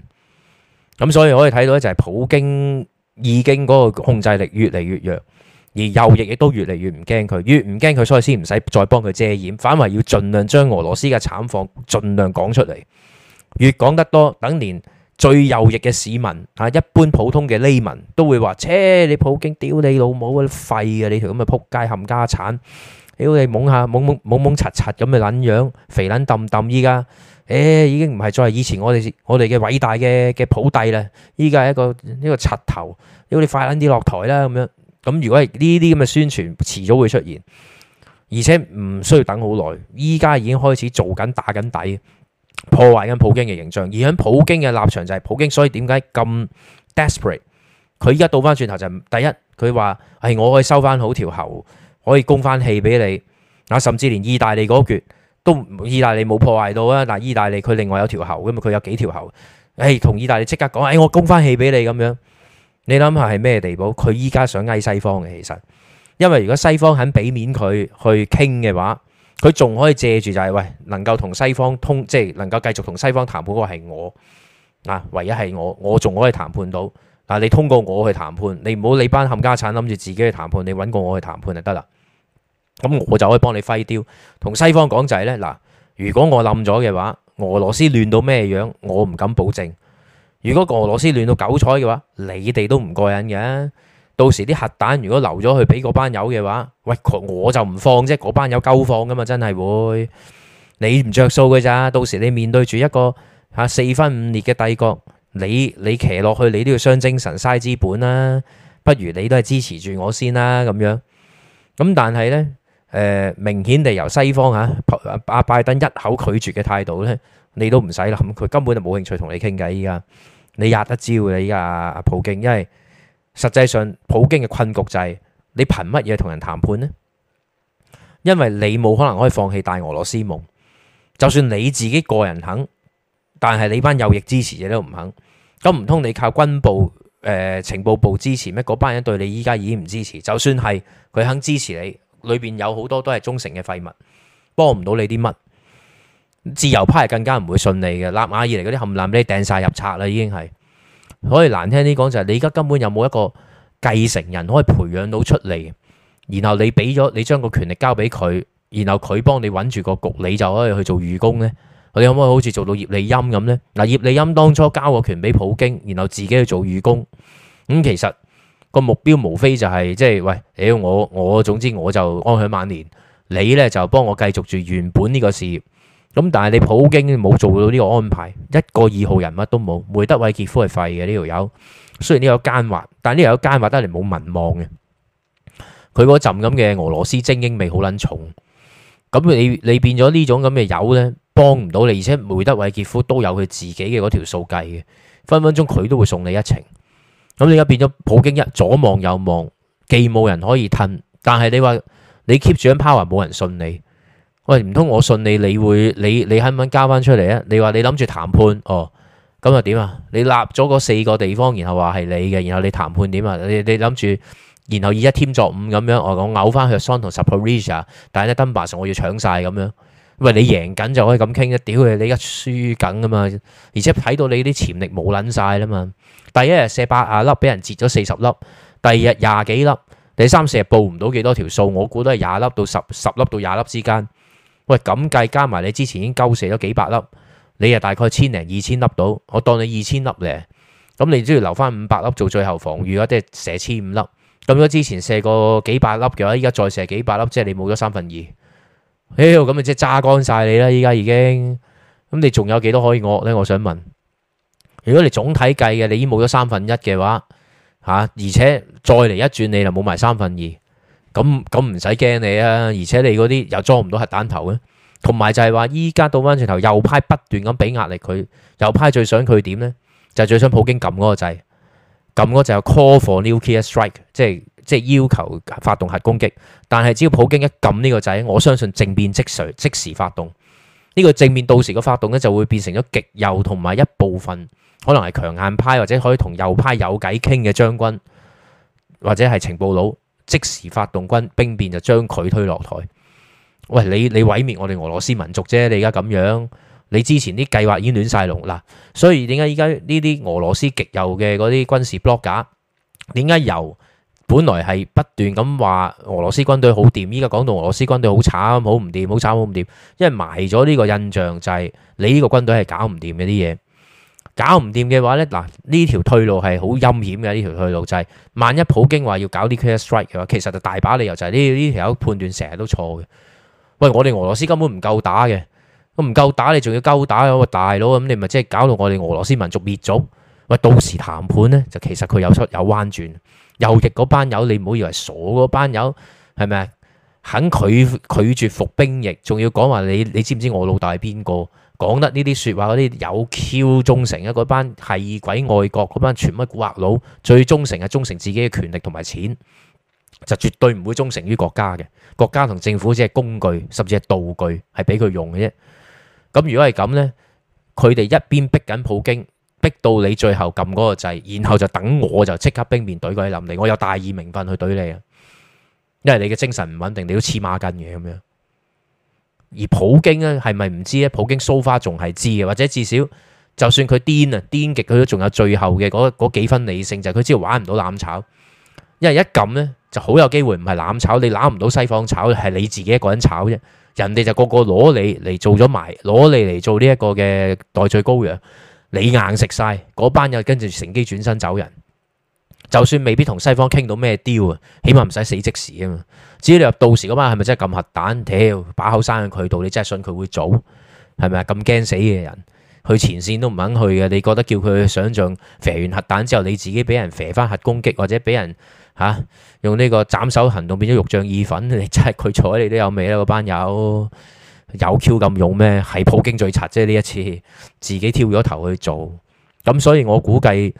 咁所以我哋睇到就係普京已經嗰個控制力越嚟越弱，而右翼亦都越嚟越唔驚佢，越唔驚佢，所以先唔使再幫佢遮掩，反為要盡量將俄羅斯嘅慘況盡量講出嚟，越講得多，等年。最右翼嘅市民啊，一般普通嘅呢民都會話：切、哎，你普京屌你老母啊，廢啊！你條咁嘅撲街冚家產，屌、哎、你懵下懵懵懵懵柒柒咁嘅撚樣，肥撚揼揼，依家，誒、哎、已經唔係再係以前我哋我哋嘅偉大嘅嘅普帝啦，依家係一個呢個柒頭，屌、哎、你快撚啲落台啦咁樣。咁如果係呢啲咁嘅宣傳，遲早會出現，而且唔需要等好耐，依家已經開始做緊打緊底。破壞緊普京嘅形象，而喺普京嘅立場就係普京，所以點解咁 desperate？佢依家倒翻轉頭就係，第一佢話係我可以收翻好條喉，可以供翻氣俾你，啊，甚至連意大利嗰橛都意大利冇破壞到啊，但係意大利佢另外有條喉咁啊，佢有幾條喉，誒、欸，同意大利即刻講，誒、欸，我供翻氣俾你咁樣，你諗下係咩地步？佢依家想嗌西方嘅，其實，因為如果西方肯俾面佢去傾嘅話。佢仲可以借住就係、是、喂，能夠同西方通，即係能夠繼續同西方談判嗰個係我嗱，唯一係我，我仲可以談判到嗱。你通過我去談判，你唔好你班冚家產諗住自己去談判，你揾過我去談判就得啦。咁我就可以幫你揮雕同西方講就係咧嗱，如果我冧咗嘅話，俄羅斯亂到咩樣，我唔敢保證。如果俄羅斯亂到九彩嘅話，你哋都唔過癮嘅。到時啲核彈如果流咗去俾嗰班友嘅話，喂，我就唔放啫，嗰班友夠放噶嘛，真係會你唔着數嘅咋。到時你面對住一個吓四分五裂嘅帝國，你你騎落去，你都要傷精神、嘥資本啦、啊，不如你都係支持住我先啦、啊，咁樣。咁但係咧，誒、呃，明顯地由西方吓阿、啊、拜登一口拒絕嘅態度咧，你都唔使諗，佢根本就冇興趣同你傾偈。依家你吔得招你依家阿普京，因為。實際上，普京嘅困局就係你憑乜嘢同人談判呢？因為你冇可能可以放棄大俄羅斯夢，就算你自己個人肯，但係你班右翼支持者都唔肯，咁唔通你靠軍部、誒、呃、情報部支持咩？嗰班人對你依家已經唔支持，就算係佢肯支持你，裏邊有好多都係忠誠嘅廢物，幫唔到你啲乜。自由派係更加唔會信你嘅，立馬以嚟嗰啲冚唪唥畀你掟晒入冊啦，已經係。可以難聽啲講就係、是、你而家根本有冇一個繼承人可以培養到出嚟，然後你俾咗你將個權力交俾佢，然後佢幫你穩住個局，你就可以去做寓公咧？你可唔可以好似做到葉利欽咁呢？嗱，葉利欽當初交個權俾普京，然後自己去做寓公。咁、嗯、其實個目標無非就係即係喂，屌我，我總之我就安享晚年，你呢就幫我繼續住原本呢個事業。咁但係你普京冇做到呢個安排，一個二號人物都冇。梅德韋傑夫係廢嘅呢條友，雖然呢條友奸滑，但係呢條友奸滑得嚟冇民望嘅。佢嗰陣咁嘅俄羅斯精英味好捻重，咁你你變咗呢種咁嘅友呢，幫唔到你。而且梅德韋傑夫都有佢自己嘅嗰條數計嘅，分分鐘佢都會送你一程。咁而家變咗普京一左望右望，既冇人可以吞，但係你話你 keep 住喺 power，冇人信你。喂，唔通我信你？你會你你肯唔肯交翻出嚟啊？你話你諗住談判哦，咁又點啊？你立咗嗰四個地方，然後話係你嘅，然後你談判點啊？你你諗住，然後以一添作五咁樣，哦、我講嘔翻藥商同 s u p p l i e 但係咧 Dunbar 我要搶晒咁樣。喂，你贏緊就可以咁傾一屌你，你而家輸緊噶嘛？而且睇到你啲潛力冇撚晒啦嘛。第一日射八啊粒，俾人截咗四十粒；第二日廿幾粒；第三四日報唔到幾多條數，我估都係廿粒到十十粒到廿粒之間。喂，咁計加埋你之前已經鳩射咗幾百粒，你又大概千零二千粒到，我當你二千粒咧，咁你都要留翻五百粒做最後防御啦，即係射千五粒。咁如果之前射過幾百粒嘅話，依家再射幾百粒，即係你冇咗三分二。屌、哎，咁啊即係揸乾晒你啦！依家已經，咁你仲有幾多可以惡呢？我想問，如果你總體計嘅，你已經冇咗三分一嘅話，吓、啊，而且再嚟一轉你就冇埋三分二。咁咁唔使驚你啊！而且你嗰啲又裝唔到核彈頭嘅，同埋就係話依家倒翻轉頭右派不斷咁俾壓力佢，右派最想佢點呢？就係、最想普京撳嗰個掣，撳嗰就係 Call for Nuclear Strike，即係即係要求發動核攻擊。但係只要普京一撳呢個掣，我相信政變即時即時發動。呢、呢個政變到時個發動呢，就會變成咗極右同埋一部分可能係強硬派或者可以同右派有偈傾嘅將軍或者係情報佬。即時發動軍兵變，就將佢推落台。喂，你你毀滅我哋俄羅斯民族啫。你而家咁樣，你之前啲計劃已經亂晒龍啦。所以點解依家呢啲俄羅斯極右嘅嗰啲軍事 blocker 點解由本來係不斷咁話俄羅斯軍隊好掂，依家講到俄羅斯軍隊好慘，好唔掂，好慘，好唔掂，因為埋咗呢個印象就係你呢個軍隊係搞唔掂嘅啲嘢。搞唔掂嘅話呢，嗱呢條退路係好陰險嘅呢條退路，就係萬一普京話要搞啲軍事 strike 嘅話，其實就大把理由，就是，就係呢呢條友判斷成日都錯嘅。喂，我哋俄羅斯根本唔夠打嘅，咁唔夠打你仲要交打，大佬咁你咪即係搞到我哋俄羅斯民族滅族。喂，到時談判呢，就其實佢有出有彎轉，右翼嗰班友你唔好以為傻嗰班友係咪肯拒拒絕服兵役，仲要講話你你，你知唔知我老大係邊個？講得呢啲說話嗰啲有 Q 忠誠啊，嗰班係鬼愛國，嗰班全乜蠱惑佬，最忠誠係忠誠自己嘅權力同埋錢，就絕對唔會忠誠於國家嘅。國家同政府只係工具，甚至係道具，係俾佢用嘅啫。咁如果係咁呢，佢哋一邊逼緊普京，逼到你最後撳嗰個掣，然後就等我就即刻兵面懟鬼你，冧你，我有大義名分去懟你啊！因為你嘅精神唔穩定，你都黐孖筋嘅咁樣。而普京咧係咪唔知咧？普京蘇花仲係知嘅，或者至少就算佢癲啊癲極，佢都仲有最後嘅嗰嗰幾分理性，就係佢知道玩唔到攬炒。因為一撳咧就好有機會唔係攬炒，你攬唔到西方炒，係你自己一個人炒啫，人哋就個個攞你嚟做咗埋，攞你嚟做呢一個嘅代罪羔羊，你硬食晒，嗰班又跟住乘機轉身走人。就算未必同西方傾到咩雕啊，起碼唔使死即時啊嘛！至於你入到時嗰班，係咪真係撳核彈？屌把口生喺佢度，你真係信佢會做？係咪啊？咁驚死嘅人去前線都唔肯去嘅，你覺得叫佢想象射完核彈之後，你自己俾人射翻核攻擊，或者俾人吓、啊、用呢個斬首行動變咗肉醬意粉？你真係佢坐喺你都有味啦！嗰班友，有 Q 咁勇咩？係普京最賊，啫。呢一次自己跳咗頭去做。咁所以我估計。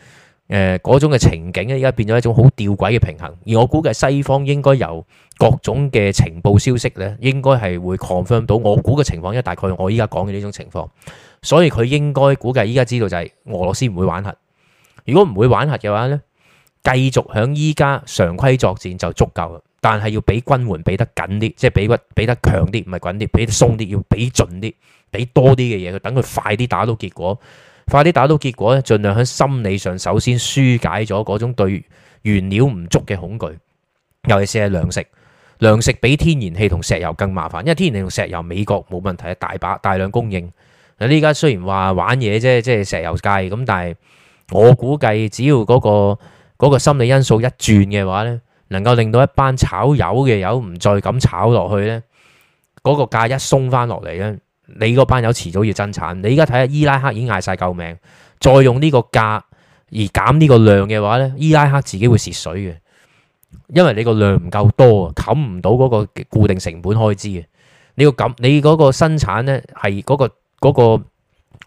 誒嗰、呃、種嘅情景咧，依家變咗一種好吊詭嘅平衡，而我估計西方應該由各種嘅情報消息咧，應該係會 confirm 到我估嘅情況，因為大概我依家講嘅呢種情況，所以佢應該估計依家知道就係俄羅斯唔會玩核。如果唔會玩核嘅話咧，繼續響依家常規作戰就足夠啦，但係要俾軍援俾得緊啲，即係俾屈俾得強啲，唔係滾啲，俾得鬆啲，要俾盡啲，俾多啲嘅嘢，佢等佢快啲打到結果。快啲打到結果咧，盡量喺心理上首先疏解咗嗰種對原料唔足嘅恐懼，尤其是係糧食。糧食比天然氣同石油更麻煩，因為天然氣同石油美國冇問題，大把大量供應。嗱，依家雖然話玩嘢啫，即係石油界咁，但係我估計只要嗰個嗰個心理因素一轉嘅話咧，能夠令到一班炒油嘅友唔再咁炒落去咧，嗰個價一鬆翻落嚟咧。你嗰班友遲早要增產。你而家睇下伊拉克已經嗌晒救命，再用呢個價而減呢個量嘅話呢，伊拉克自己會蝕水嘅，因為你個量唔夠多，冚唔到嗰個固定成本開支嘅。你要噉，你嗰個生產呢係嗰個嗰個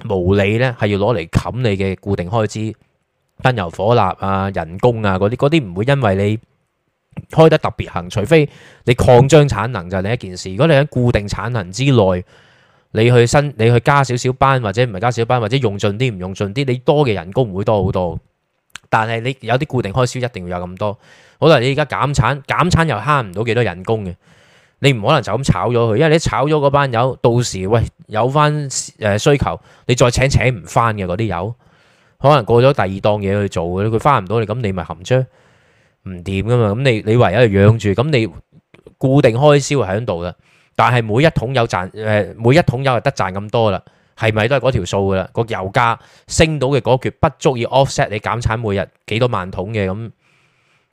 毛利咧，係要攞嚟冚你嘅固定開支，燈油火蠟啊、人工啊，嗰啲嗰啲唔會因為你開得特別行，除非你擴張產能就係另一件事。如果你喺固定產能之內。你去新，你去加少少班或者唔係加少班，或者用盡啲唔用盡啲，你多嘅人工唔會多好多。但係你有啲固定開銷一定要有咁多。好啦，你而家減產，減產又慳唔到幾多人工嘅。你唔可能就咁炒咗佢，因為你炒咗嗰班友，到時喂有翻誒需求，你再請請唔翻嘅嗰啲友，可能過咗第二檔嘢去做嘅，佢翻唔到嚟，咁你咪含張唔掂噶嘛。咁你你唯有係養住，咁你固定開銷喺度啦。但係每一桶有賺，誒每一桶油又得賺咁多啦，係咪都係嗰條數噶啦？個油價升到嘅嗰橛，不足以 offset 你減產每日幾多萬桶嘅咁，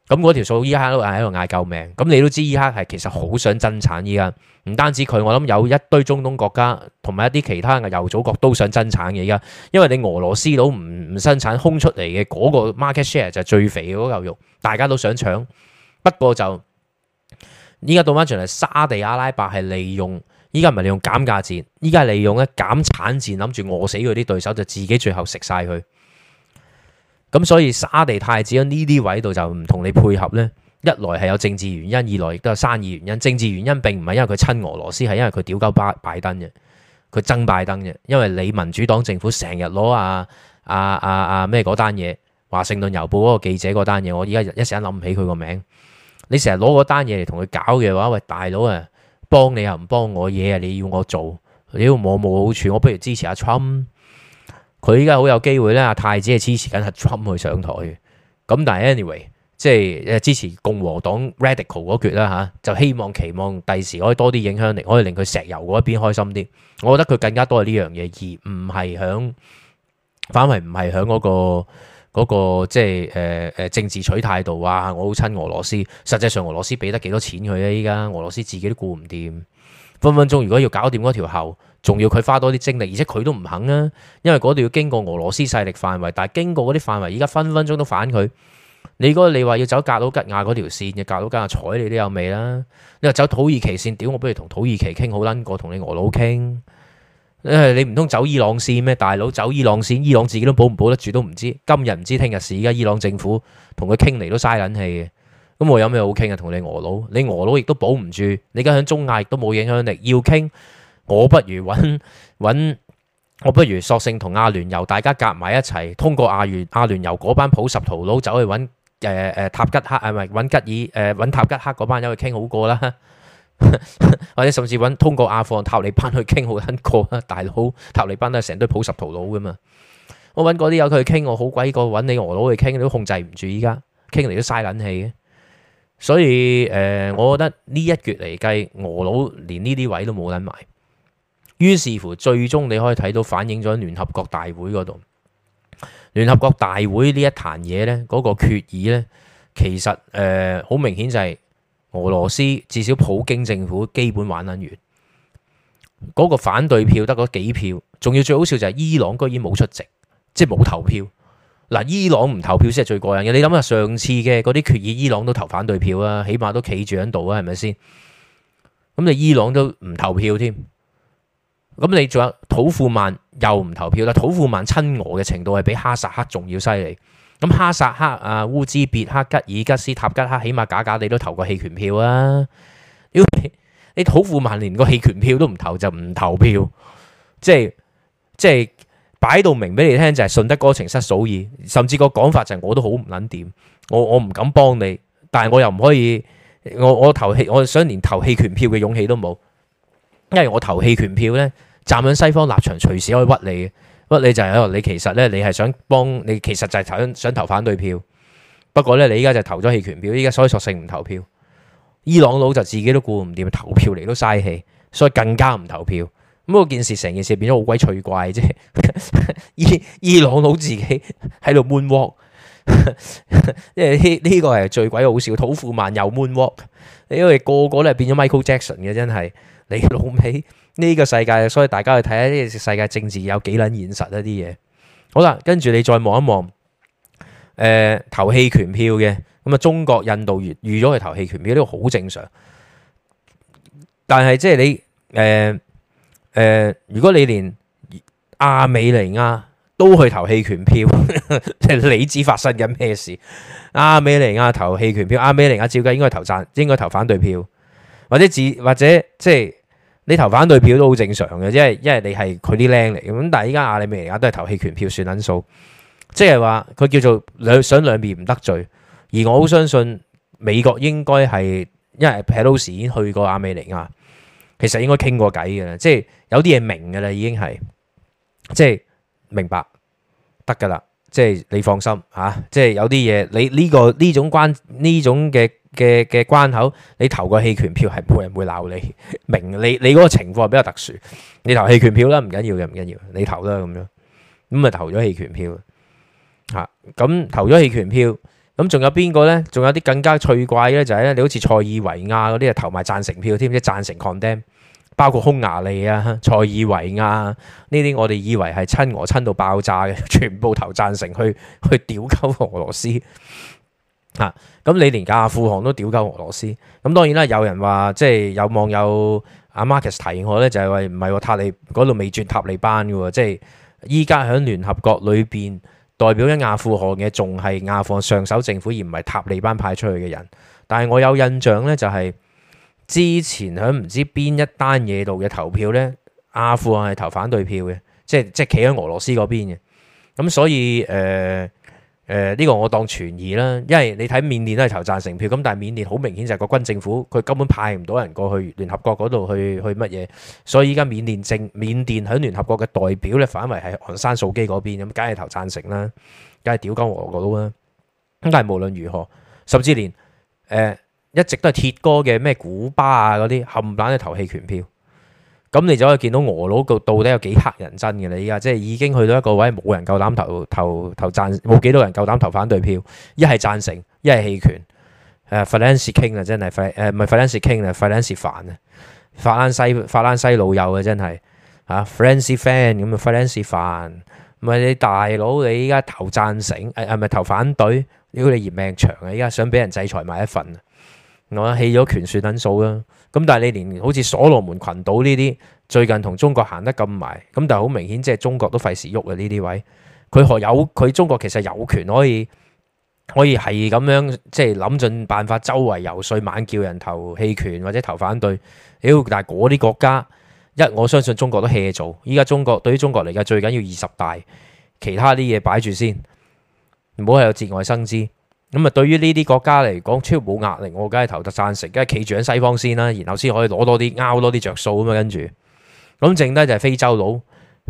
咁嗰條數依家都喺度嗌救命。咁你都知依家係其實好想增產依家，唔單止佢，我諗有一堆中東國家同埋一啲其他嘅油組國都想增產嘅依家，因為你俄羅斯佬唔唔生產空出嚟嘅嗰個 market share 就係最肥嗰嚿肉，大家都想搶，不過就。依家倒翻轉嚟，沙地阿拉伯係利用依家唔係利用減價戰，依家係利用咧減產戰，諗住餓死佢啲對手，就自己最後食晒佢。咁所以沙地太子喺呢啲位度就唔同你配合咧。一來係有政治原因，二來亦都有生意原因。政治原因並唔係因為佢親俄羅斯，係因為佢屌鳩拜拜登嘅，佢憎拜登嘅。因為你民主黨政府成日攞啊阿阿阿咩嗰單嘢，啊啊啊《華盛頓郵報》嗰個記者嗰單嘢，我依家一時間諗唔起佢個名。你成日攞嗰單嘢嚟同佢搞嘅話，喂大佬啊，幫你又唔幫我嘢啊！你要我做，你要我冇好處，我不如支持阿 Trump。佢依家好有機會咧，阿太子係支持緊阿 Trump 去上台嘅。咁但係 anyway，即係支持共和黨 radical 嗰決啦吓，就希望期望第時可以多啲影響力，可以令佢石油嗰一邊開心啲。我覺得佢更加多係呢樣嘢，而唔係響反為唔係響嗰個。嗰、那個即係誒誒政治取態度啊！我好親俄羅斯，實際上俄羅斯俾得幾多錢佢啊？依家俄羅斯自己都顧唔掂，分分鐘如果要搞掂嗰條喉，仲要佢花多啲精力，而且佢都唔肯啊！因為嗰度要經過俄羅斯勢力範圍，但係經過嗰啲範圍，依家分分鐘都反佢。你如果你話要走格魯吉亞嗰條線嘅格魯吉亞睬你都有味啦！你話走土耳其線，屌我不如同土耳其傾好撚過，同你俄佬傾。你唔通走伊朗線咩，大佬？走伊朗線，伊朗自己都保唔保得住都唔知。今日唔知，聽日事。而家伊朗政府同佢傾嚟都嘥撚氣嘅。咁我有咩好傾啊？同你俄佬，你俄佬亦都保唔住。你而家喺中亞亦都冇影響力。要傾，我不如揾揾，我不如索性同阿聯酋大家夾埋一齊，通過阿聯阿聯酋嗰班普什圖徒佬走去揾誒誒塔吉克啊，唔係揾吉爾誒，揾、呃、塔吉克嗰班友去傾好過啦。 或者甚至揾通過阿富汗塔利班去傾好撚過啊！大佬塔利班都係成堆普什圖佬噶嘛，我揾嗰啲友佢傾，我好鬼過揾你俄佬去傾，你都控制唔住依家傾嚟都嘥撚氣嘅。所以誒、呃，我覺得呢一月嚟計，俄佬連呢啲位都冇撚埋。於是乎，最終你可以睇到反映咗喺聯合國大會嗰度，聯合國大會呢一壇嘢呢，嗰、那個決議呢，其實誒好、呃、明顯就係、是。俄羅斯至少普京政府基本玩撚完，嗰個反對票得嗰幾票，仲要最好笑就係伊朗居然冇出席，即係冇投票。嗱，伊朗唔投票先係最過癮嘅。你諗下上次嘅嗰啲決議，伊朗都投反對票啊，起碼都企住喺度啊，係咪先？咁你伊朗都唔投票添，咁你仲有土庫曼又唔投票，但土庫曼親俄嘅程度係比哈薩克仲要犀利。咁哈薩克啊、烏茲別克、吉爾吉斯、塔吉克，起碼假假你都投個棄權票啊你！你你土庫曼連個棄權票都唔投就唔投票，即係即係擺到明俾你聽就係、是、順得哥情失嫂意，甚至個講法就係我都好唔撚點，我我唔敢幫你，但係我又唔可以，我我投棄，我想連投棄權票嘅勇氣都冇，因為我投棄權票呢，站喺西方立場隨時可以屈你嘅。不，你就係哦！你其實咧，你係想幫你，其實就係想想投反對票。不過咧，你依家就投咗棄權票，依家所以索性唔投票。伊朗佬就自己都顧唔掂，投票嚟都嘥氣，所以更加唔投票。咁個件事成件事變咗好鬼趣怪啫！ 伊伊朗佬自己喺度 moonwalk，即係呢呢個係最鬼好笑，土庫曼又 moonwalk。因為個個咧變咗 Michael Jackson 嘅，真係你老味。呢個世界，所以大家去睇下呢個世界政治有幾撚現實一啲嘢。好啦，跟住你再望一望，誒、呃，投棄權票嘅，咁啊，中國、印度越預咗去投棄權票呢、這個好正常。但係即係你，誒、呃，誒、呃，如果你連亞美尼亞都去投棄權票， 你知發生緊咩事？亞美尼亞投棄權票，亞美尼亞照計應該投讚，應該投反對票，或者自或者即係。你投反對票都好正常嘅，因為因為你係佢啲靚嚟嘅。咁但係依家亞美尼亞都係投棄權票算撚數，即係話佢叫做兩想兩邊唔得罪。而我好相信美國應該係因為佩洛西已經去過亞美尼亞，其實應該傾過偈㗎喇，即係有啲嘢明㗎喇，已經係即係明白得㗎啦。即係你放心吓，啊，即係有啲嘢你呢，這個呢種關呢種嘅嘅嘅關口，你投個棄權票係冇人會鬧你。明你你嗰個情況係比較特殊，你投棄權票啦，唔緊要嘅唔緊要，你投啦咁樣。咁啊投咗棄權票吓，咁投咗棄權票，咁、啊、仲有邊個咧？仲有啲更加趣怪嘅咧，就係、是、咧，你好似塞爾維亞嗰啲啊投埋贊成票添，即係贊成 condemn。包括匈牙利啊、塞爾維亞呢啲，我哋以為係親俄親到爆炸嘅，全部投贊成去去屌鳩俄羅斯啊！咁你連阿富汗都屌鳩俄羅斯，咁、 啊、當然啦，有人話即係有網友阿、啊、Marcus 提我咧，就係話唔係喎塔利嗰度未轉塔利班嘅喎，即係依家喺聯合國裏邊代表咗阿富汗嘅，仲係阿富汗上手政府，而唔係塔利班派出去嘅人。但係我有印象咧，就係、是。之前喺唔知邊一單嘢度嘅投票呢，阿富汗係投反對票嘅，即係即係企喺俄羅斯嗰邊嘅。咁、嗯、所以誒誒呢個我當存疑啦，因為你睇緬甸都係投贊成票，咁但係緬甸好明顯就係個軍政府，佢根本派唔到人過去聯合國嗰度去去乜嘢，所以依家緬甸政緬甸喺聯合國嘅代表呢，反為係昂山素基嗰邊咁，梗、嗯、係投贊成啦，梗係屌鳩俄羅斯啦。咁但係無論如何，甚至連誒、呃一直都係鐵哥嘅咩古巴啊嗰啲冚唪唥投棄權票，咁你就可以見到俄佬到底有幾黑人憎嘅啦！依家即係已經去到一個位，冇人夠膽投投投贊，冇幾多人夠膽投反對票，一係贊成，一係棄權。誒，Francesking 啊，真係費唔係 Francesking 啦，Francesfan 啊，法蘭、啊、法蘭，法蘭西法蘭西老友啊，真係嚇，Francesfan 咁啊，Francesfan，唔係你大佬，你依家投贊成誒誒，唔、啊、投反對，如果你嫌命長啊！依家想俾人制裁埋一份啊！我棄咗權算等數啦，咁但係你連好似所羅門群島呢啲最近同中國行得咁埋，咁但係好明顯即係中國都費事喐啊呢啲位，佢有佢中國其實有權可以可以係咁樣即係諗盡辦法周圍遊說，猛叫人投棄權或者投反對，屌！但係嗰啲國家一我相信中國都 hea 做，依家中國對於中國嚟講最緊要二十大，其他啲嘢擺住先，唔好係有節外生枝。咁啊、嗯，對於呢啲國家嚟講，超冇壓力，我梗係投得贊成，梗係企住喺西方先啦，然後先可以攞多啲，拗多啲着數咁嘛，跟住，咁剩低就係非洲佬，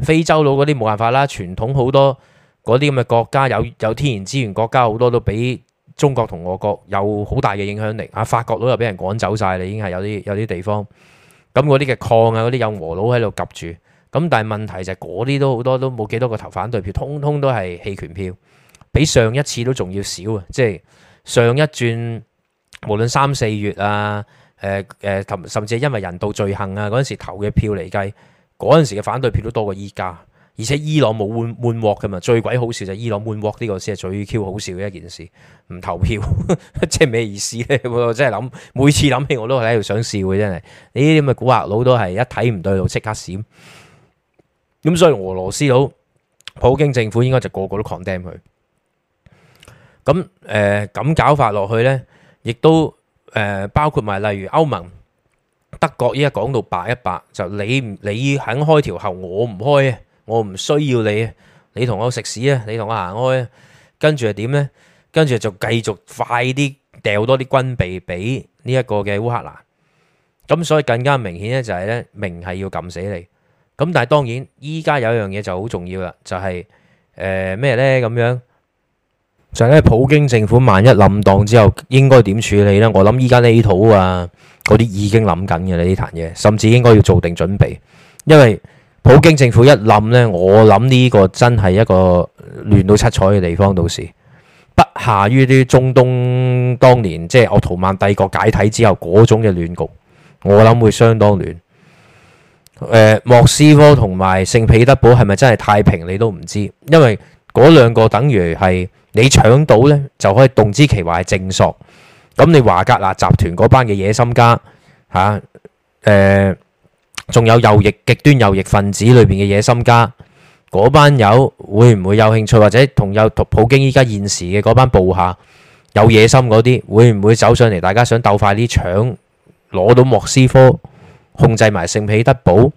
非洲佬嗰啲冇辦法啦，傳統好多嗰啲咁嘅國家有有天然資源國家，好多都俾中國同俄國有好大嘅影響力啊，法國佬又俾人趕走晒啦，已經係有啲有啲地方，咁嗰啲嘅礦啊，嗰啲有俄佬喺度夾住，咁但係問題就係嗰啲都好多都冇幾多個投反對票，通通都係棄權票。比上一次都仲要少啊！即係上一轉，無論三四月啊，誒、呃、誒、呃，甚至係因為人道罪行啊，嗰陣時投嘅票嚟計，嗰陣時嘅反對票都多過依家，而且伊朗冇換換鑊㗎嘛！最鬼好笑就係伊朗換鑊呢個先係最 Q 好笑嘅一件事，唔投票 即係咩意思咧？我真係諗每次諗起我都係喺度想笑嘅真係，呢啲咁嘅古惑佬都係一睇唔對路即刻閃。咁所以俄羅斯佬普京政府應該就個個都 condemn 佢。咁誒咁搞法落去咧，亦都誒包括埋例如歐盟、德國依家講到白一白，就你唔你肯開條喉，我唔開啊，我唔需要你啊，你同我食屎啊，你同我行開，跟住係點咧？跟住就繼續快啲掉多啲軍備俾呢一個嘅烏克蘭。咁所以更加明顯咧，就係咧，明係要撳死你。咁但係當然依家有一樣嘢就好重要啦，就係誒咩咧？咁樣。就係普京政府萬一冧當之後，應該點處理呢？我諗依家呢套啊，嗰啲已經諗緊嘅啦，呢壇嘢，甚至應該要做定準備，因為普京政府一冧呢，我諗呢個真係一個亂到七彩嘅地方，到時不下於啲中東當年即係奧圖曼帝國解體之後嗰種嘅亂局，我諗會相當亂。呃，莫斯科同埋聖彼得堡係咪真係太平？你都唔知，因為嗰兩個等於係。你搶到呢，就可以動之其壞正朔。咁你華格納集團嗰班嘅野心家，嚇，誒，仲有右翼極端右翼分子裏邊嘅野心家，嗰班友會唔會有興趣？或者同有普京依家現時嘅嗰班部下有野心嗰啲，會唔會走上嚟？大家想鬥快啲搶攞到莫斯科，控制埋聖彼得堡，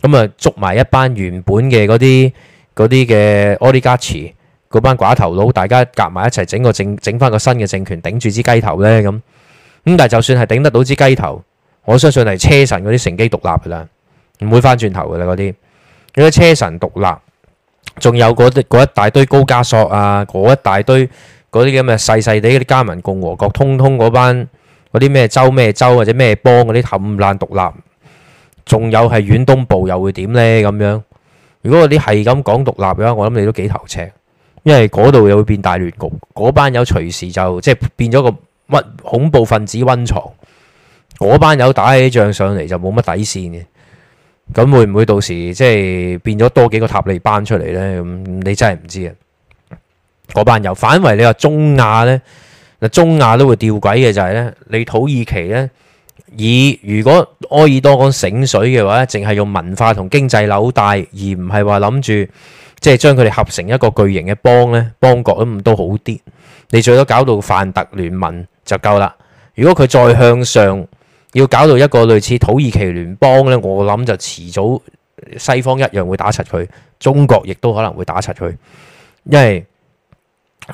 咁啊捉埋一班原本嘅嗰啲嗰啲嘅 oligarch。嗰班寡頭佬，大家夾埋一齊整個政整翻個新嘅政權，頂住支雞頭咧咁咁。但係就算係頂得到支雞頭，我相信係車臣嗰啲乘機獨立噶啦，唔會翻轉頭噶啦嗰啲。如果車臣獨立，仲有嗰啲嗰一大堆高加索啊，嗰一大堆嗰啲咁嘅細細哋嘅加盟共和國，通通嗰班嗰啲咩州咩州或者咩邦嗰啲冚爛獨立，仲有係遠東部又會點咧？咁樣如果嗰啲係咁講獨立嘅話，我諗你都幾頭赤。因為嗰度又會變大亂局，嗰班友隨時就即係變咗個乜恐怖分子温床，嗰班友打起仗上嚟就冇乜底線嘅，咁會唔會到時即係變咗多幾個塔利班出嚟呢？咁你真係唔知啊！嗰班友反為你話中亞呢，嗱中亞都會吊詭嘅就係、是、呢。你土耳其呢，以如果埃爾多講醒水嘅話咧，淨係用文化同經濟紐帶，而唔係話諗住。即係將佢哋合成一個巨型嘅邦呢，邦國咁都好啲。你最多搞到泛特聯盟就夠啦。如果佢再向上要搞到一個類似土耳其聯邦呢，我諗就遲早西方一樣會打柒佢，中國亦都可能會打柒佢。因為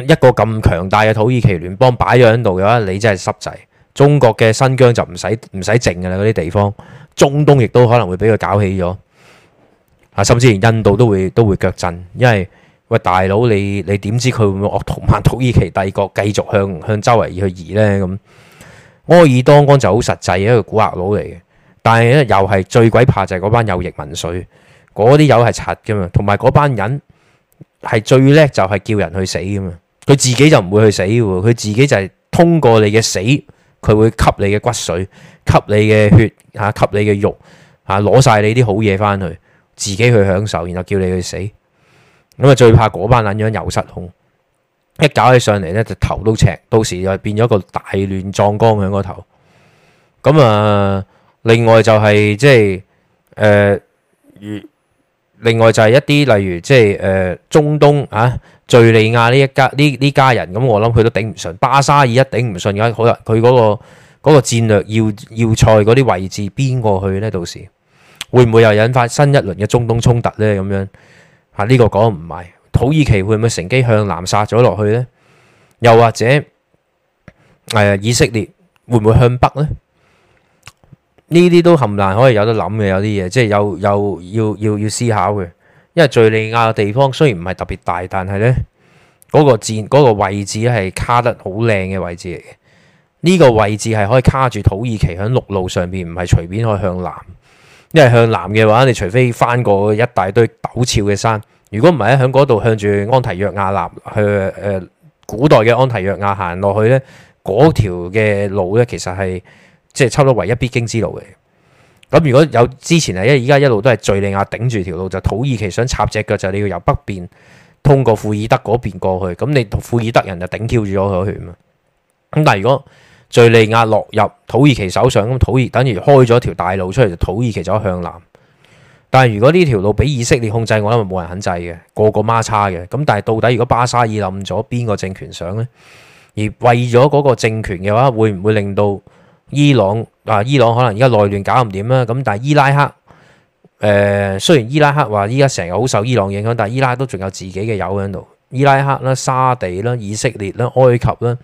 一個咁強大嘅土耳其聯邦擺咗喺度嘅話，你真係濕滯。中國嘅新疆就唔使唔使靜㗎啦，嗰啲地方，中東亦都可能會俾佢搞起咗。甚至連印度都會都會腳震，因為喂大佬，你你點知佢會唔會鄂圖曼土耳其帝，帝國繼續向向周圍去移呢？咁？埃爾多安就好實際一個古惑佬嚟嘅，但係咧又係最鬼怕就係嗰班右翼民粹，嗰啲友係賊噶嘛，同埋嗰班人係最叻就係叫人去死噶嘛，佢自己就唔會去死喎，佢自己就係通過你嘅死，佢會吸你嘅骨髓、吸你嘅血、嚇吸你嘅肉、嚇攞晒你啲好嘢翻去。自己去享受，然後叫你去死。咁啊，最怕嗰班撚樣又失控，一搞起上嚟呢，就頭都赤，到時又變咗個大亂葬崗喺個頭。咁、嗯、啊，另外就係、是、即係誒、呃，另外就係一啲例如即係誒、呃，中東啊，敍利亞呢一家呢呢家人，咁我諗佢都頂唔順，巴沙爾一頂唔順嘅，好啦、那個，佢、那、嗰個嗰個戰略要要塞嗰啲位置邊過去呢？到時。會唔會又引發新一輪嘅中東衝突呢？咁樣吓呢、啊呢個講唔係土耳其會唔會乘機向南殺咗落去呢？又或者誒、呃，以色列會唔會向北呢？呢啲都冚難可以有得諗嘅，有啲嘢即係有有要要要，要思考嘅。因為敘利亞嘅地方雖然唔係特別大，但係呢嗰、嗰個戰、嗰個位置係卡得好靚嘅位置嚟嘅。呢個位置係可以卡住土耳其喺陸路上邊，唔係隨便可以向南。因為向南嘅話，你除非翻過一大堆陡峭嘅山。如果唔係喺嗰度向住安提約亞納去誒、呃、古代嘅安提約亞行落去呢，嗰條嘅路呢，其實係即係差唔多唯一必經之路嚟。咁如果有之前係，因為而家一路都係敍利亞頂住條路，就是、土耳其想插隻腳，就是、你要由北邊通過庫爾德嗰邊過去。咁你庫爾德人就頂跳住咗佢去。咁但係如果，敍利亞落入土耳其手上咁，土耳等於開咗條大路出嚟，就土耳其走向南。但係如果呢條路俾以色列控制，我諗冇人肯制嘅，個個孖叉嘅。咁但係到底如果巴沙爾冧咗邊個政權上呢？而為咗嗰個政權嘅話，會唔會令到伊朗啊？伊朗可能而家內亂搞唔掂啦。咁但係伊拉克誒、呃，雖然伊拉克話依家成日好受伊朗影響，但係伊拉克都仲有自己嘅友喺度，伊拉克啦、沙地啦、以色列啦、埃及啦。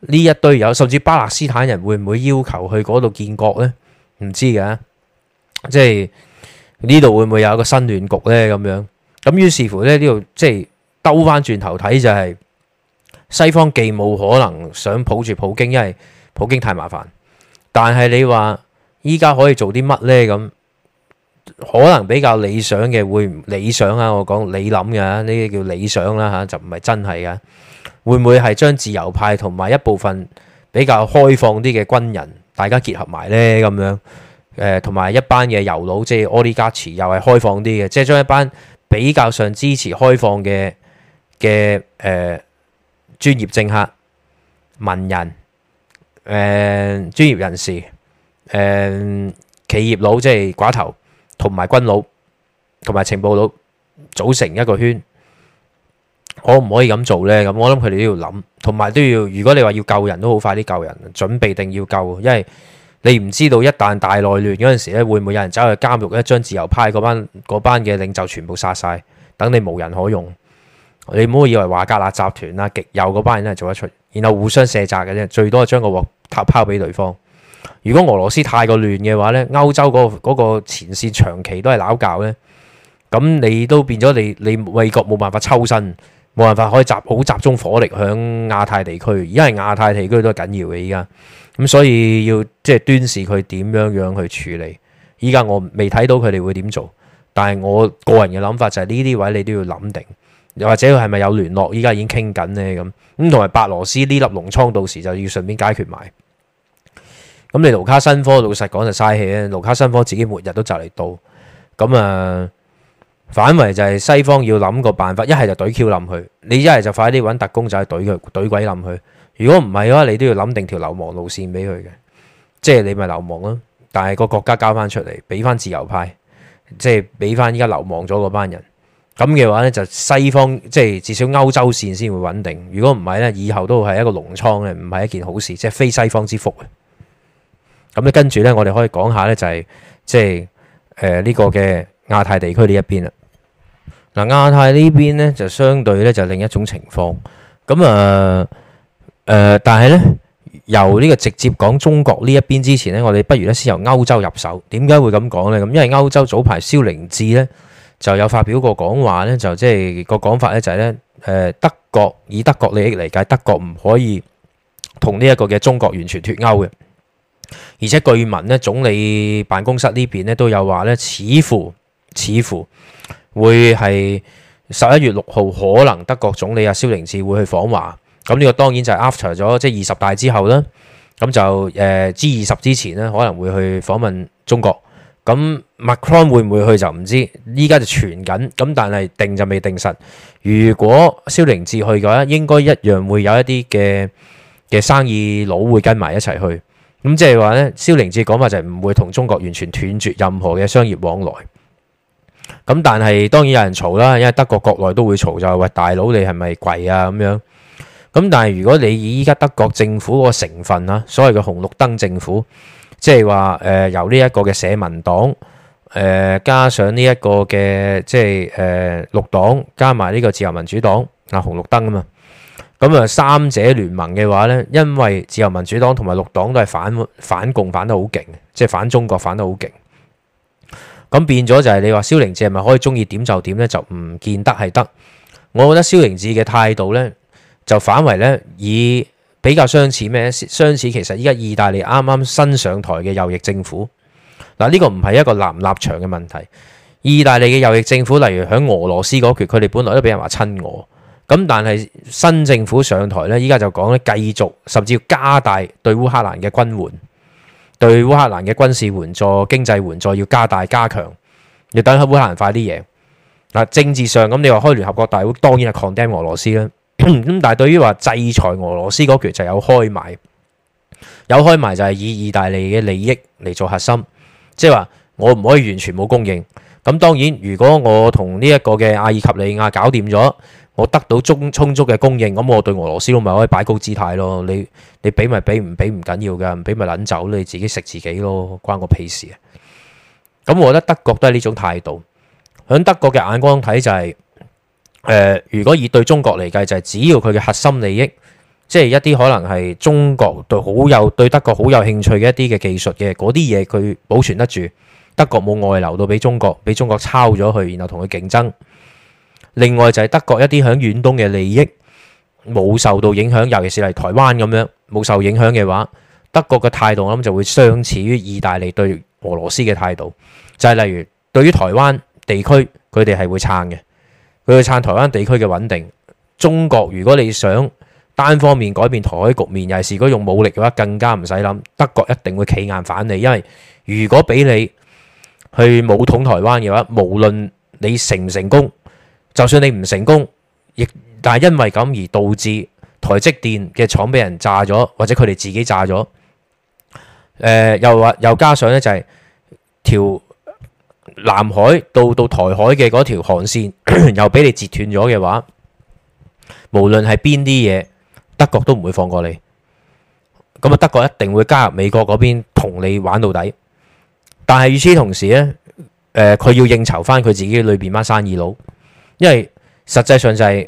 呢一堆有，甚至巴勒斯坦人會唔會要求去嗰度建國呢？唔知㗎，即係呢度會唔會有一個新亂局呢？咁樣，咁於是乎咧，呢度即係兜翻轉頭睇就係西方既冇可能想抱住普京，因為普京太麻煩。但係你話依家可以做啲乜呢？咁可能比較理想嘅會理想啊！我講你諗嘅，呢啲叫理想啦嚇，就唔係真係嘅。會唔會係將自由派同埋一部分比較開放啲嘅軍人，大家結合埋呢？咁樣？同、呃、埋一班嘅油佬，即係奧利加茨，又係開放啲嘅，即係將一班比較上支持開放嘅嘅誒專業政客、文人、誒、呃、專業人士、誒、呃、企業佬，即係寡頭，同埋軍佬，同埋情報佬組成一個圈。我唔可，可以咁做呢。咁我諗佢哋都要諗，同埋都要。如果你話要救人都好快啲救人，準備定要救，因為你唔知道一旦大內亂嗰陣時咧，會唔會有人走去監獄，一張自由派嗰班班嘅領袖全部殺晒，等你無人可用。你唔好以為華格納集團啦，極右嗰班人都係做得出，然後互相卸責嘅啫，最多係將個鑊塔拋俾對方。如果俄羅斯太過亂嘅話呢，歐洲嗰、嗰個、嗰個前線長期都係鬧教呢。咁你都變咗你你美國冇辦法抽身。冇辦法可以集好集中火力響亞太地區，而家係亞太地區都係緊要嘅。依家咁所以要即係端視佢點樣樣去處理。依家我未睇到佢哋會點做，但係我個人嘅諗法就係呢啲位你都要諗定，又或者佢係咪有聯絡？依家已經傾緊呢，咁咁，同埋白羅斯呢粒膿瘡到時就要順便解決埋。咁你盧卡申科老實講就嘥氣啦，盧卡申科自己末日都就嚟到，咁啊。反為就係西方要諗個辦法，一係就懟 Q 冧佢，你一係就快啲揾特工仔去懟佢懟鬼冧佢。如果唔係嘅話，你都要諗定條流亡路線俾佢嘅，即係你咪流亡咯。但係個國家交翻出嚟，俾翻自由派，即係俾翻依家流亡咗嗰班人。咁嘅話呢，就西方即係至少歐洲線先會穩定。如果唔係呢，以後都係一個農倉嘅，唔係一件好事，即係非西方之福嘅。咁、嗯、跟住呢，我哋可以講下呢、就係，就係即係呢、呃這個嘅亞太地區呢一邊啦。嗱，亞太呢邊呢，就相對呢，就另一種情況，咁啊誒，但係呢，由呢個直接講中國呢一邊之前呢，我哋不如呢，先由歐洲入手。點解會咁講呢？咁因為歐洲早排蕭凌志呢，就有發表過講話呢就即係個講法呢，就係、就、呢、是，誒、就是、德國以德國利益嚟解，德國唔可以同呢一個嘅中國完全脱歐嘅，而且據聞呢，總理辦公室呢邊呢，都有話呢，似乎似乎。會係十一月六號，可能德國總理啊蕭凌志會去訪華。咁、這、呢個當然就係 after 咗即係二十大之後啦。咁就誒 G 二十之前呢，可能會去訪問中國。咁 Macron 會唔會去就唔知，依家就傳緊。咁但係定就未定實。如果蕭凌志去嘅話，應該一樣會有一啲嘅嘅生意佬會跟埋一齊去。咁即係話呢，蕭凌志講法就係唔會同中國完全斷絕任何嘅商業往來。咁但係當然有人嘈啦，因為德國國內都會嘈就話、是、大佬你係咪跪啊咁樣？咁但係如果你以依家德國政府嗰個成分啦，所謂嘅紅綠燈政府，即係話誒由呢一個嘅社民黨誒、呃、加上呢一個嘅即係誒綠黨加埋呢個自由民主黨啊、呃、紅綠燈啊嘛，咁啊三者聯盟嘅話呢，因為自由民主黨同埋綠黨都係反反共反得好勁，即、就、係、是、反中國反得好勁。咁變咗就係你話蕭凌志係咪可以中意點就點呢？就唔見得係得。我覺得蕭凌志嘅態度呢，就反為呢，以比較相似咩？相似其實依家意大利啱啱新上台嘅右翼政府，嗱，呢個唔係一個立唔立場嘅問題。意大利嘅右翼政府，例如喺俄羅斯嗰橛，佢哋本來都俾人話親俄，咁但係新政府上台呢，依家就講呢，繼續甚至要加大對烏克蘭嘅軍援。對烏克蘭嘅軍事援助、經濟援助要加大加強，你等下烏克蘭快啲贏。嗱，政治上咁你話開聯合國大會，當然係 condemn 俄羅斯啦。咁 但係對於話制裁俄羅斯嗰橛，就有開埋，有開埋就係以意大利嘅利益嚟做核心，即係話我唔可以完全冇供應。咁當然，如果我同呢一個嘅阿爾及利亞搞掂咗。我得到足充足嘅供應，咁我對俄羅斯咯咪可以擺高姿態咯？你你俾咪俾唔俾唔緊要㗎，唔俾咪撚走你自己食自己咯，關我屁事啊！咁我覺得德國都係呢種態度。喺德國嘅眼光睇就係、是，誒、呃，如果以對中國嚟計就係，只要佢嘅核心利益，即、就、係、是、一啲可能係中國對好有對德國好有興趣嘅一啲嘅技術嘅嗰啲嘢，佢保存得住，德國冇外流到俾中國，俾中國抄咗佢，然後同佢競爭。另外就係德國一啲喺遠東嘅利益冇受到影響，尤其是係台灣咁樣冇受影響嘅話，德國嘅態度我諗就會相似於意大利對俄羅斯嘅態度，就係、是、例如對於台灣地區佢哋係會撐嘅，佢會撐台灣地區嘅穩定。中國如果你想單方面改變台海局面，尤其是如果用武力嘅話，更加唔使諗，德國一定會企硬反你，因為如果俾你去武統台灣嘅話，無論你成唔成功。就算你唔成功，亦但係因為咁而導致台積電嘅廠俾人炸咗，或者佢哋自己炸咗，誒、呃，又話又加上呢、就是，就係條南海到到台海嘅嗰條航綫 又俾你截斷咗嘅話，無論係邊啲嘢，德國都唔會放過你。咁啊，德國一定會加入美國嗰邊同你玩到底。但係與此同時呢誒，佢、呃、要應酬翻佢自己裏邊班生意佬。因為實際上就係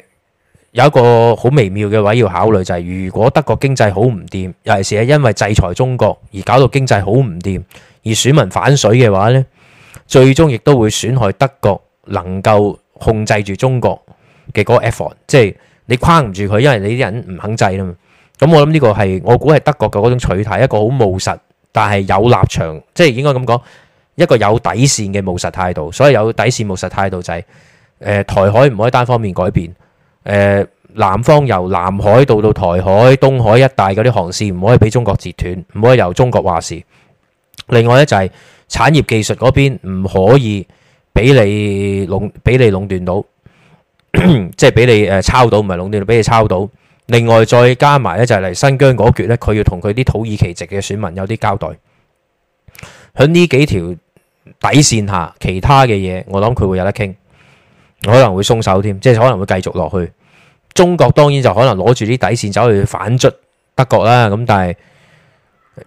有一個好微妙嘅位要考慮，就係如果德國經濟好唔掂，尤其是係因為制裁中國而搞到經濟好唔掂，而選民反水嘅話呢，最終亦都會損害德國能夠控制住中國嘅嗰個 effort，即係你框唔住佢，因為你啲人唔肯制啊嘛。咁我諗呢個係我估係德國嘅嗰種取態，一個好務實，但係有立場，即係應該咁講，一個有底線嘅務實態度。所以有底線務實態度就係、是。呃、台海唔可以單方面改變。呃、南方由南海到到台海、東海一帶嗰啲航線唔可以俾中國截斷，唔可以由中國話事。另外呢，就係、是、產業技術嗰邊唔可以俾你壟俾你壟斷到，即係俾你抄到，唔係壟斷，俾你抄到。另外再加埋呢，就係、是、嚟新疆嗰橛呢，佢要同佢啲土耳其籍嘅選民有啲交代。喺呢幾條底線下，其他嘅嘢我諗佢會有得傾。可能會鬆手添，即係可能會繼續落去。中國當然就可能攞住啲底線走去反追德國啦。咁但係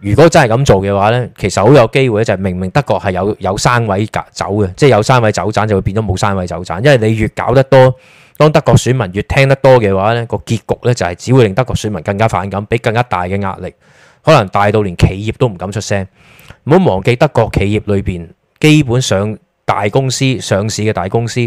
如果真係咁做嘅話呢，其實好有機會呢，就係明明德國係有有三位走嘅，即係有三位走盞就會變咗冇三位走盞。因為你越搞得多，當德國選民越聽得多嘅話，呢個結局呢就係只會令德國選民更加反感，俾更加大嘅壓力，可能大到連企業都唔敢出聲。唔好忘記德國企業裏邊基本上大公司上市嘅大公司。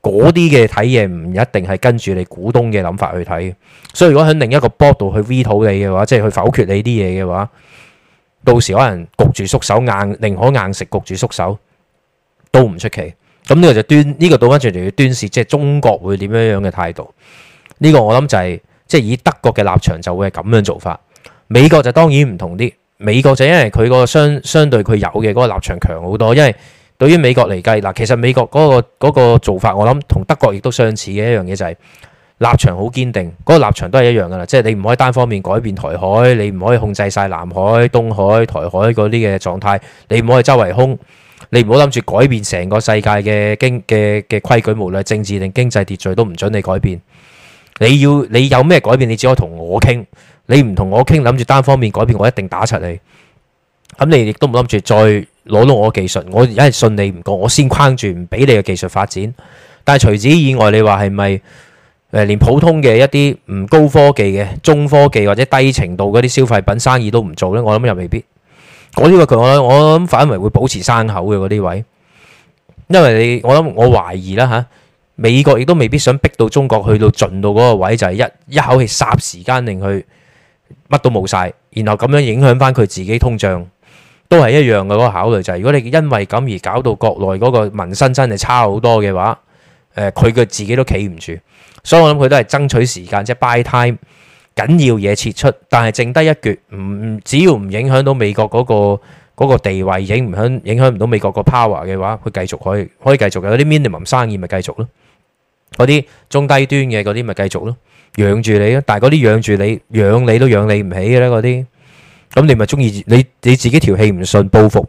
嗰啲嘅睇嘢唔一定係跟住你股東嘅諗法去睇，所以如果喺另一個波度去 veto 你嘅話，即、就、係、是、去否決你啲嘢嘅話，到時可能焗住縮手，硬寧可硬食焗住縮手都唔出奇。咁、這、呢個就端呢、這個倒翻轉嚟要端視，即係中國會點樣樣嘅態度。呢、這個我諗就係即係以德國嘅立場就會係咁樣做法。美國就當然唔同啲，美國就因為佢個相相對佢有嘅嗰個立場強好多，因為。對於美國嚟計，嗱其實美國嗰個嗰個做法，我諗同德國亦都相似嘅一樣嘢就係立場好堅定，嗰個立場都係一樣噶啦，即係你唔可以單方面改變台海，你唔可以控制晒南海、東海、台海嗰啲嘅狀態，你唔可以周圍空，你唔好諗住改變成個世界嘅經嘅嘅規矩，無論政治定經濟秩序都唔准你改變。你要你有咩改變，你只可以同我傾，你唔同我傾，諗住單方面改變，我一定打柒你。咁你亦都唔諗住再。攞到我技術，我一係信你唔過，我先框住唔俾你嘅技術發展。但係除此以外，你話係咪誒連普通嘅一啲唔高科技嘅中科技或者低程度嗰啲消費品生意都唔做呢？我諗又未必。我呢個佢我我諗反為會保持山口嘅嗰啲位，因為你我諗我懷疑啦吓，美國亦都未必想逼到中國去到盡到嗰個位，就係、是、一一口氣霎時間令佢乜都冇晒，然後咁樣影響翻佢自己通脹。都係一樣嘅嗰個考慮就係，如果你因為咁而搞到國內嗰個民生真係差好多嘅話，誒佢嘅自己都企唔住，所以我諗佢都係爭取時間，即係 buy time，緊要嘢撤出，但係剩低一橛唔只要唔影響到美國嗰個嗰個地位，影響影響唔到美國個 power 嘅話，佢繼續可以可以繼續嘅，有啲 minimum 生意咪繼續咯，嗰啲中低端嘅嗰啲咪繼續咯，養住你咯，但係嗰啲養住你養你都養你唔起嘅咧嗰啲。咁你咪中意你你自己條氣唔順，報復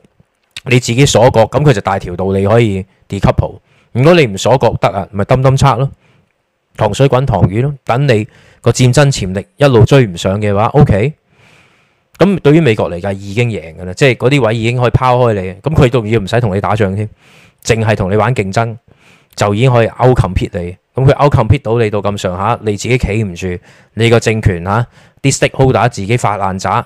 你自己鎖國，咁佢就大條道理可以 decouple。如果你唔鎖國得啊，咪抌抌拆咯，糖水滾糖丸咯。等你個戰爭潛力一路追唔上嘅話，OK。咁對於美國嚟講，已經贏噶啦，即係嗰啲位已經可以拋開你，咁佢仲要唔使同你打仗添，淨係同你玩競爭就已經可以 outcompete 你。咁佢 outcompete 到你到咁上下，你自己企唔住，你個政權吓啲 stakeholder 自己發爛渣。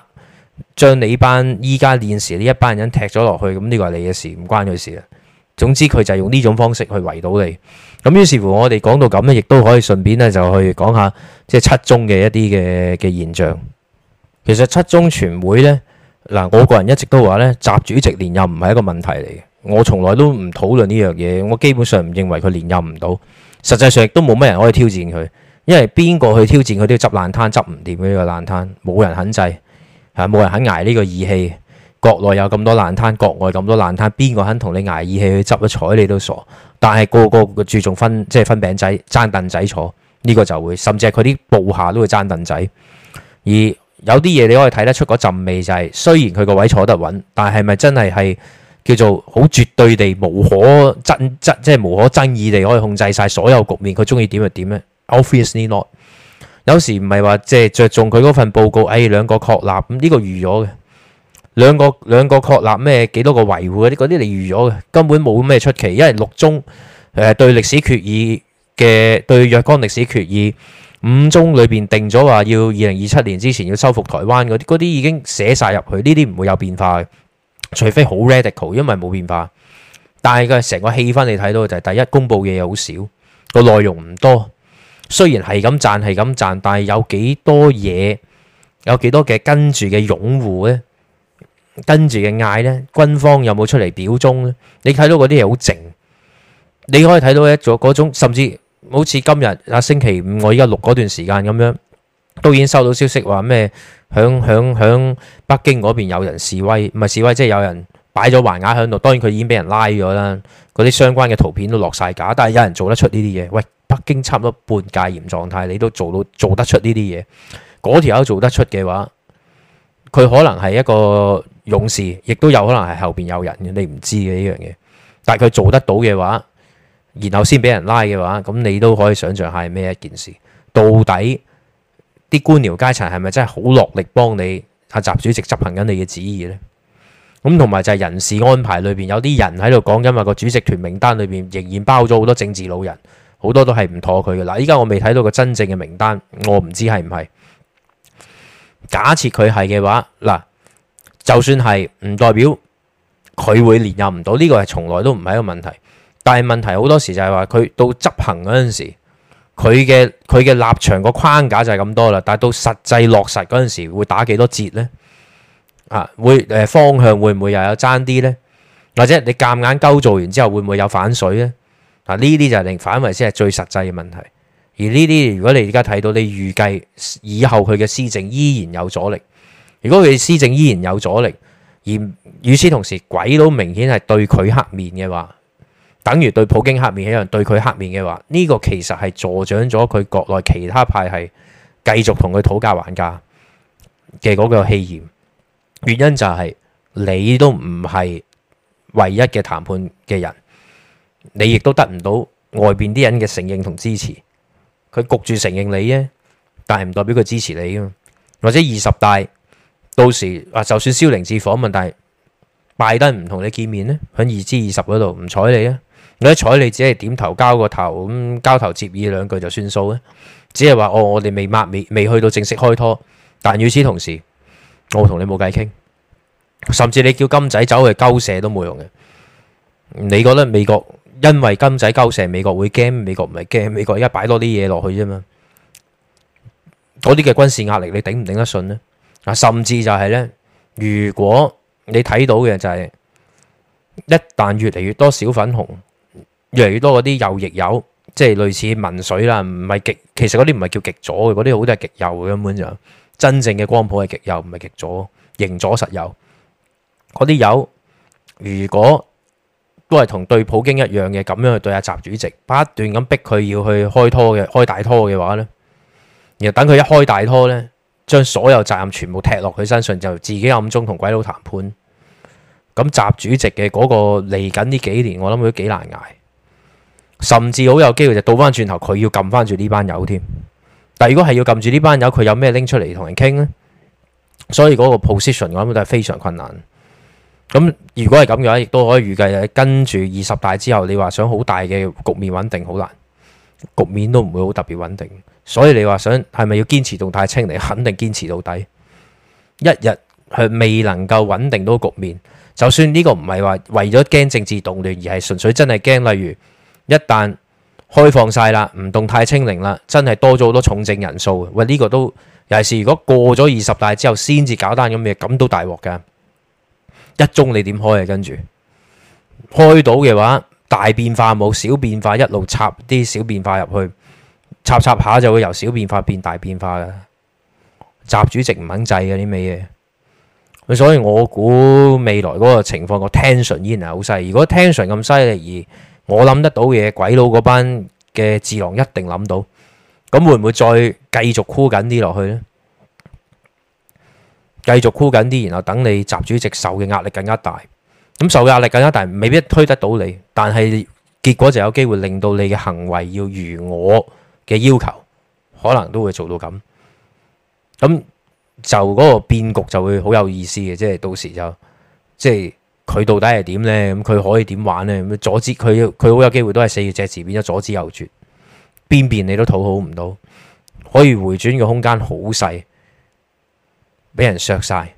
將你班依家現時呢一班人踢咗落去，咁呢個係你嘅事，唔關佢事啦。總之佢就用呢種方式去圍堵你。咁於是乎我講，我哋講到咁咧，亦都可以順便呢就去講下即係七中嘅一啲嘅嘅現象。其實七中全會呢，嗱，我個人一直都話呢，習主席連任唔係一個問題嚟嘅。我從來都唔討論呢樣嘢，我基本上唔認為佢連任唔到。實際上亦都冇咩人可以挑戰佢，因為邊個去挑戰佢都要執爛攤，執唔掂呢個爛攤，冇人肯制。係冇、啊、人肯捱呢個義氣，國內有咁多爛攤，國外咁多爛攤，邊個肯同你捱義氣去執一彩？你都傻。但係個個注重分，即係分餅仔，爭凳仔，仔坐。呢、這個就會，甚至係佢啲部下都會爭凳仔。而有啲嘢你可以睇得出嗰陣味、就是，就係雖然佢個位坐得穩，但係咪真係係叫做好絕對地無可爭，即係無可爭議地可以控制晒所有局面？佢中意點就點咧？Obviously not。 有時唔係話即係着重佢嗰份報告，誒、哎，兩個確立咁呢、這個預咗嘅，兩個兩個確立咩？幾多個維護嗰啲嗰啲你預咗嘅，根本冇咩出奇，因為六中誒對歷史決議嘅對若干歷史決議五中裏邊定咗話要二零二七年之前要收復台灣嗰啲嗰啲已經寫晒入去，呢啲唔會有變化嘅，除非好 radical，因為冇變化。但係佢成個氣氛你睇到就係、是、第一公布嘅嘢好少，個內容唔多。雖然係咁讚係咁讚，但係有幾多嘢？有幾多嘅跟住嘅擁護呢？跟住嘅嗌呢？軍方有冇出嚟表忠呢？你睇到嗰啲嘢好靜，你可以睇到一種嗰種，甚至好似今日啊，星期五，我依家錄嗰段時間咁樣，都已經收到消息話咩？響響響北京嗰邊有人示威，唔係示威，即係有人擺咗橫額喺度，當然佢已經俾人拉咗啦。嗰啲相關嘅圖片都落晒架，但係有人做得出呢啲嘢？喂！北京差唔多半戒嚴狀態，你都做到做得出呢啲嘢。嗰條友做得出嘅話，佢可能係一個勇士，亦都有可能係後邊有人嘅，你唔知嘅呢樣嘢。但係佢做得到嘅話，然後先俾人拉嘅話，咁你都可以想象下係咩一件事？到底啲官僚階層係咪真係好落力幫你阿習主席執行緊你嘅旨意呢？咁同埋就係人事安排裏邊有啲人喺度講緊話，個主席團名單裏邊仍然包咗好多政治老人。好多都係唔妥佢嘅嗱，依家我未睇到個真正嘅名單，我唔知係唔係。假設佢係嘅話，嗱，就算係，唔代表佢會連任唔到，呢、這個係從來都唔係一個問題。但係問題好多時就係話佢到執行嗰陣時，佢嘅佢嘅立場個框架就係咁多啦。但係到實際落實嗰陣時，會打幾多折呢？啊，會誒、呃、方向會唔會又有爭啲呢？或者你夾硬救做完之後，會唔會有反水呢？嗱，呢啲就係令反為先係最實際嘅問題。而呢啲如果你而家睇到，你預計以後佢嘅施政依然有阻力。如果佢施政依然有阻力，而與此同時，鬼佬明顯係對佢黑面嘅話，等於對普京黑面一樣，對佢黑面嘅話，呢、這個其實係助長咗佢國內其他派系繼續同佢討價還價嘅嗰個氣焰。原因就係你都唔係唯一嘅談判嘅人。你亦都得唔到外邊啲人嘅承認同支持，佢焗住承認你啫，但係唔代表佢支持你噶嘛。或者二十大到時，話就算燒零次火咁啊，但係拜登唔同你見面咧，喺二至二十嗰度唔睬你啊，你一睬你只係點頭交個頭，咁交頭接耳兩句就算數啊，只係話哦，我哋未抹未未去到正式開拖，但與此同時，我同你冇偈傾，甚至你叫金仔走去鳩社都冇用嘅，你覺得美國？因為金仔交射，美國會驚，美國唔係驚，美國而家擺多啲嘢落去啫嘛，嗰啲嘅軍事壓力你頂唔頂得順呢？啊，甚至就係咧，如果你睇到嘅就係一旦越嚟越多小粉紅，越嚟越多嗰啲右翼友，即係類似民粹啦，唔係極，其實嗰啲唔係叫極左嘅，嗰啲好多係極右嘅，根本就，真正嘅光譜係極右，唔係極左，形左實右。嗰啲友如果都係同對普京一樣嘅，咁樣去對阿習主席，不斷咁逼佢要去開拖嘅，開大拖嘅話呢，然後等佢一開大拖呢，將所有責任全部踢落佢身上，就自己暗中同鬼佬談判。咁習主席嘅嗰個嚟緊呢幾年，我諗佢都幾難挨，甚至好有機會就倒翻轉頭，佢要撳翻住呢班友添。但如果係要撳住呢班友，佢有咩拎出嚟同人傾呢？所以嗰個 position，我諗都係非常困難。咁如果係咁嘅話，亦都可以預計跟住二十大之後，你話想好大嘅局面穩定好難，局面都唔會好特別穩定。所以你話想係咪要堅持動態清零？肯定堅持到底。一日佢未能夠穩定到局面，就算呢個唔係話為咗驚政治動亂，而係純粹真係驚，例如一旦開放晒啦，唔動態清零啦，真係多咗好多重症人數。喂、哎、呢、這個都尤其是如果過咗二十大之後先至搞單咁嘅，咁都大鑊噶。一中你點開啊？跟住開到嘅話，大變化冇，小變化一路插啲小變化入去，插一插一下就會由小變化變大變化嘅。習主席唔肯制嘅啲咩嘢，所以我估未來嗰個情況個 tension 依然係好犀利。如果 tension 咁犀利，而我諗得到嘅嘢，鬼佬嗰班嘅智囊一定諗到，咁會唔會再繼續箍緊啲落去呢？繼續箍緊啲，然後等你習主席受嘅壓力更加大，咁受嘅壓力更加大，未必推得到你，但係結果就有機會令到你嘅行為要如我嘅要求，可能都會做到咁。咁就嗰個變局就會好有意思嘅，即係到時就即係佢到底係點呢？咁佢可以點玩呢？咁阻止佢，佢好有機會都係四隻字變咗左支右絀，邊邊你都討好唔到，可以回轉嘅空間好細。俾人削晒，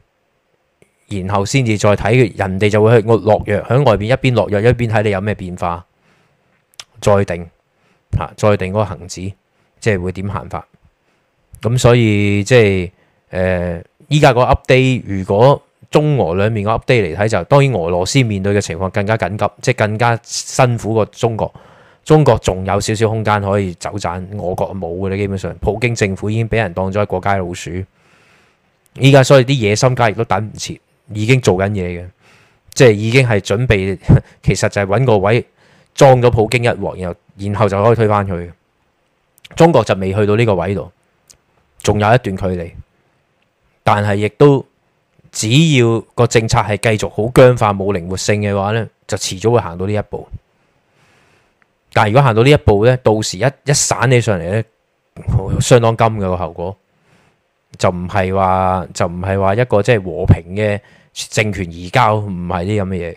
然後先至再睇，人哋就會去落藥，喺外邊一邊落藥一邊睇你有咩變化，再定嚇、啊，再定嗰個行止，即係會點行法。咁所以即係誒依家個 update，如果中俄兩面個 update 嚟睇就，當然俄羅斯面對嘅情況更加緊急，即係更加辛苦過中國。中國仲有少少空間可以走盞，俄國冇嘅咧，基本上普京政府已經俾人當咗一過街老鼠。依家所以啲野心家亦都等唔切，已經做緊嘢嘅，即係已經係準備，其實就係揾個位裝咗普京一鑊，然後然後就可以推翻佢。中國就未去到呢個位度，仲有一段距離，但係亦都只要個政策係繼續好僵化冇靈活性嘅話咧，就遲早會行到呢一步。但係如果行到呢一步咧，到時一一散起來上嚟咧，相當金嘅個效果。就唔係話就唔係話一個即係和平嘅政權移交，唔係啲咁嘅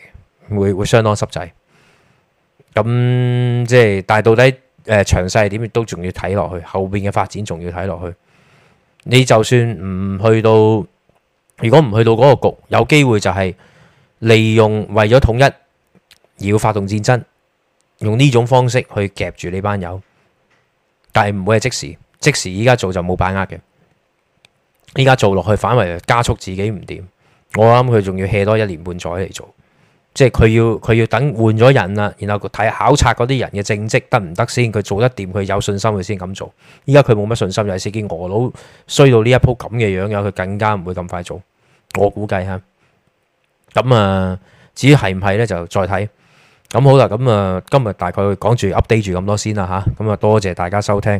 嘢，會會相當濕滯。咁即係但係到底誒、呃、詳細點都仲要睇落去，後邊嘅發展仲要睇落去。你就算唔去到，如果唔去到嗰個局，有機會就係利用為咗統一而要發動戰爭，用呢種方式去夾住呢班友，但係唔會係即時，即時依家做就冇把握嘅。依家做落去反為加速自己唔掂，我諗佢仲要歇多一年半載嚟做，即係佢要佢要等換咗人啦，然後佢睇考察嗰啲人嘅政績得唔得先，佢做得掂，佢有信心佢先咁做。依家佢冇乜信心，又係先見俄佬衰到呢一鋪咁嘅樣嘅，佢更加唔會咁快做。我估計吓，咁啊至於係唔係呢？就再睇。咁啊好啦，咁啊今日大概講住 update 住咁多先啦吓，咁啊多謝大家收聽。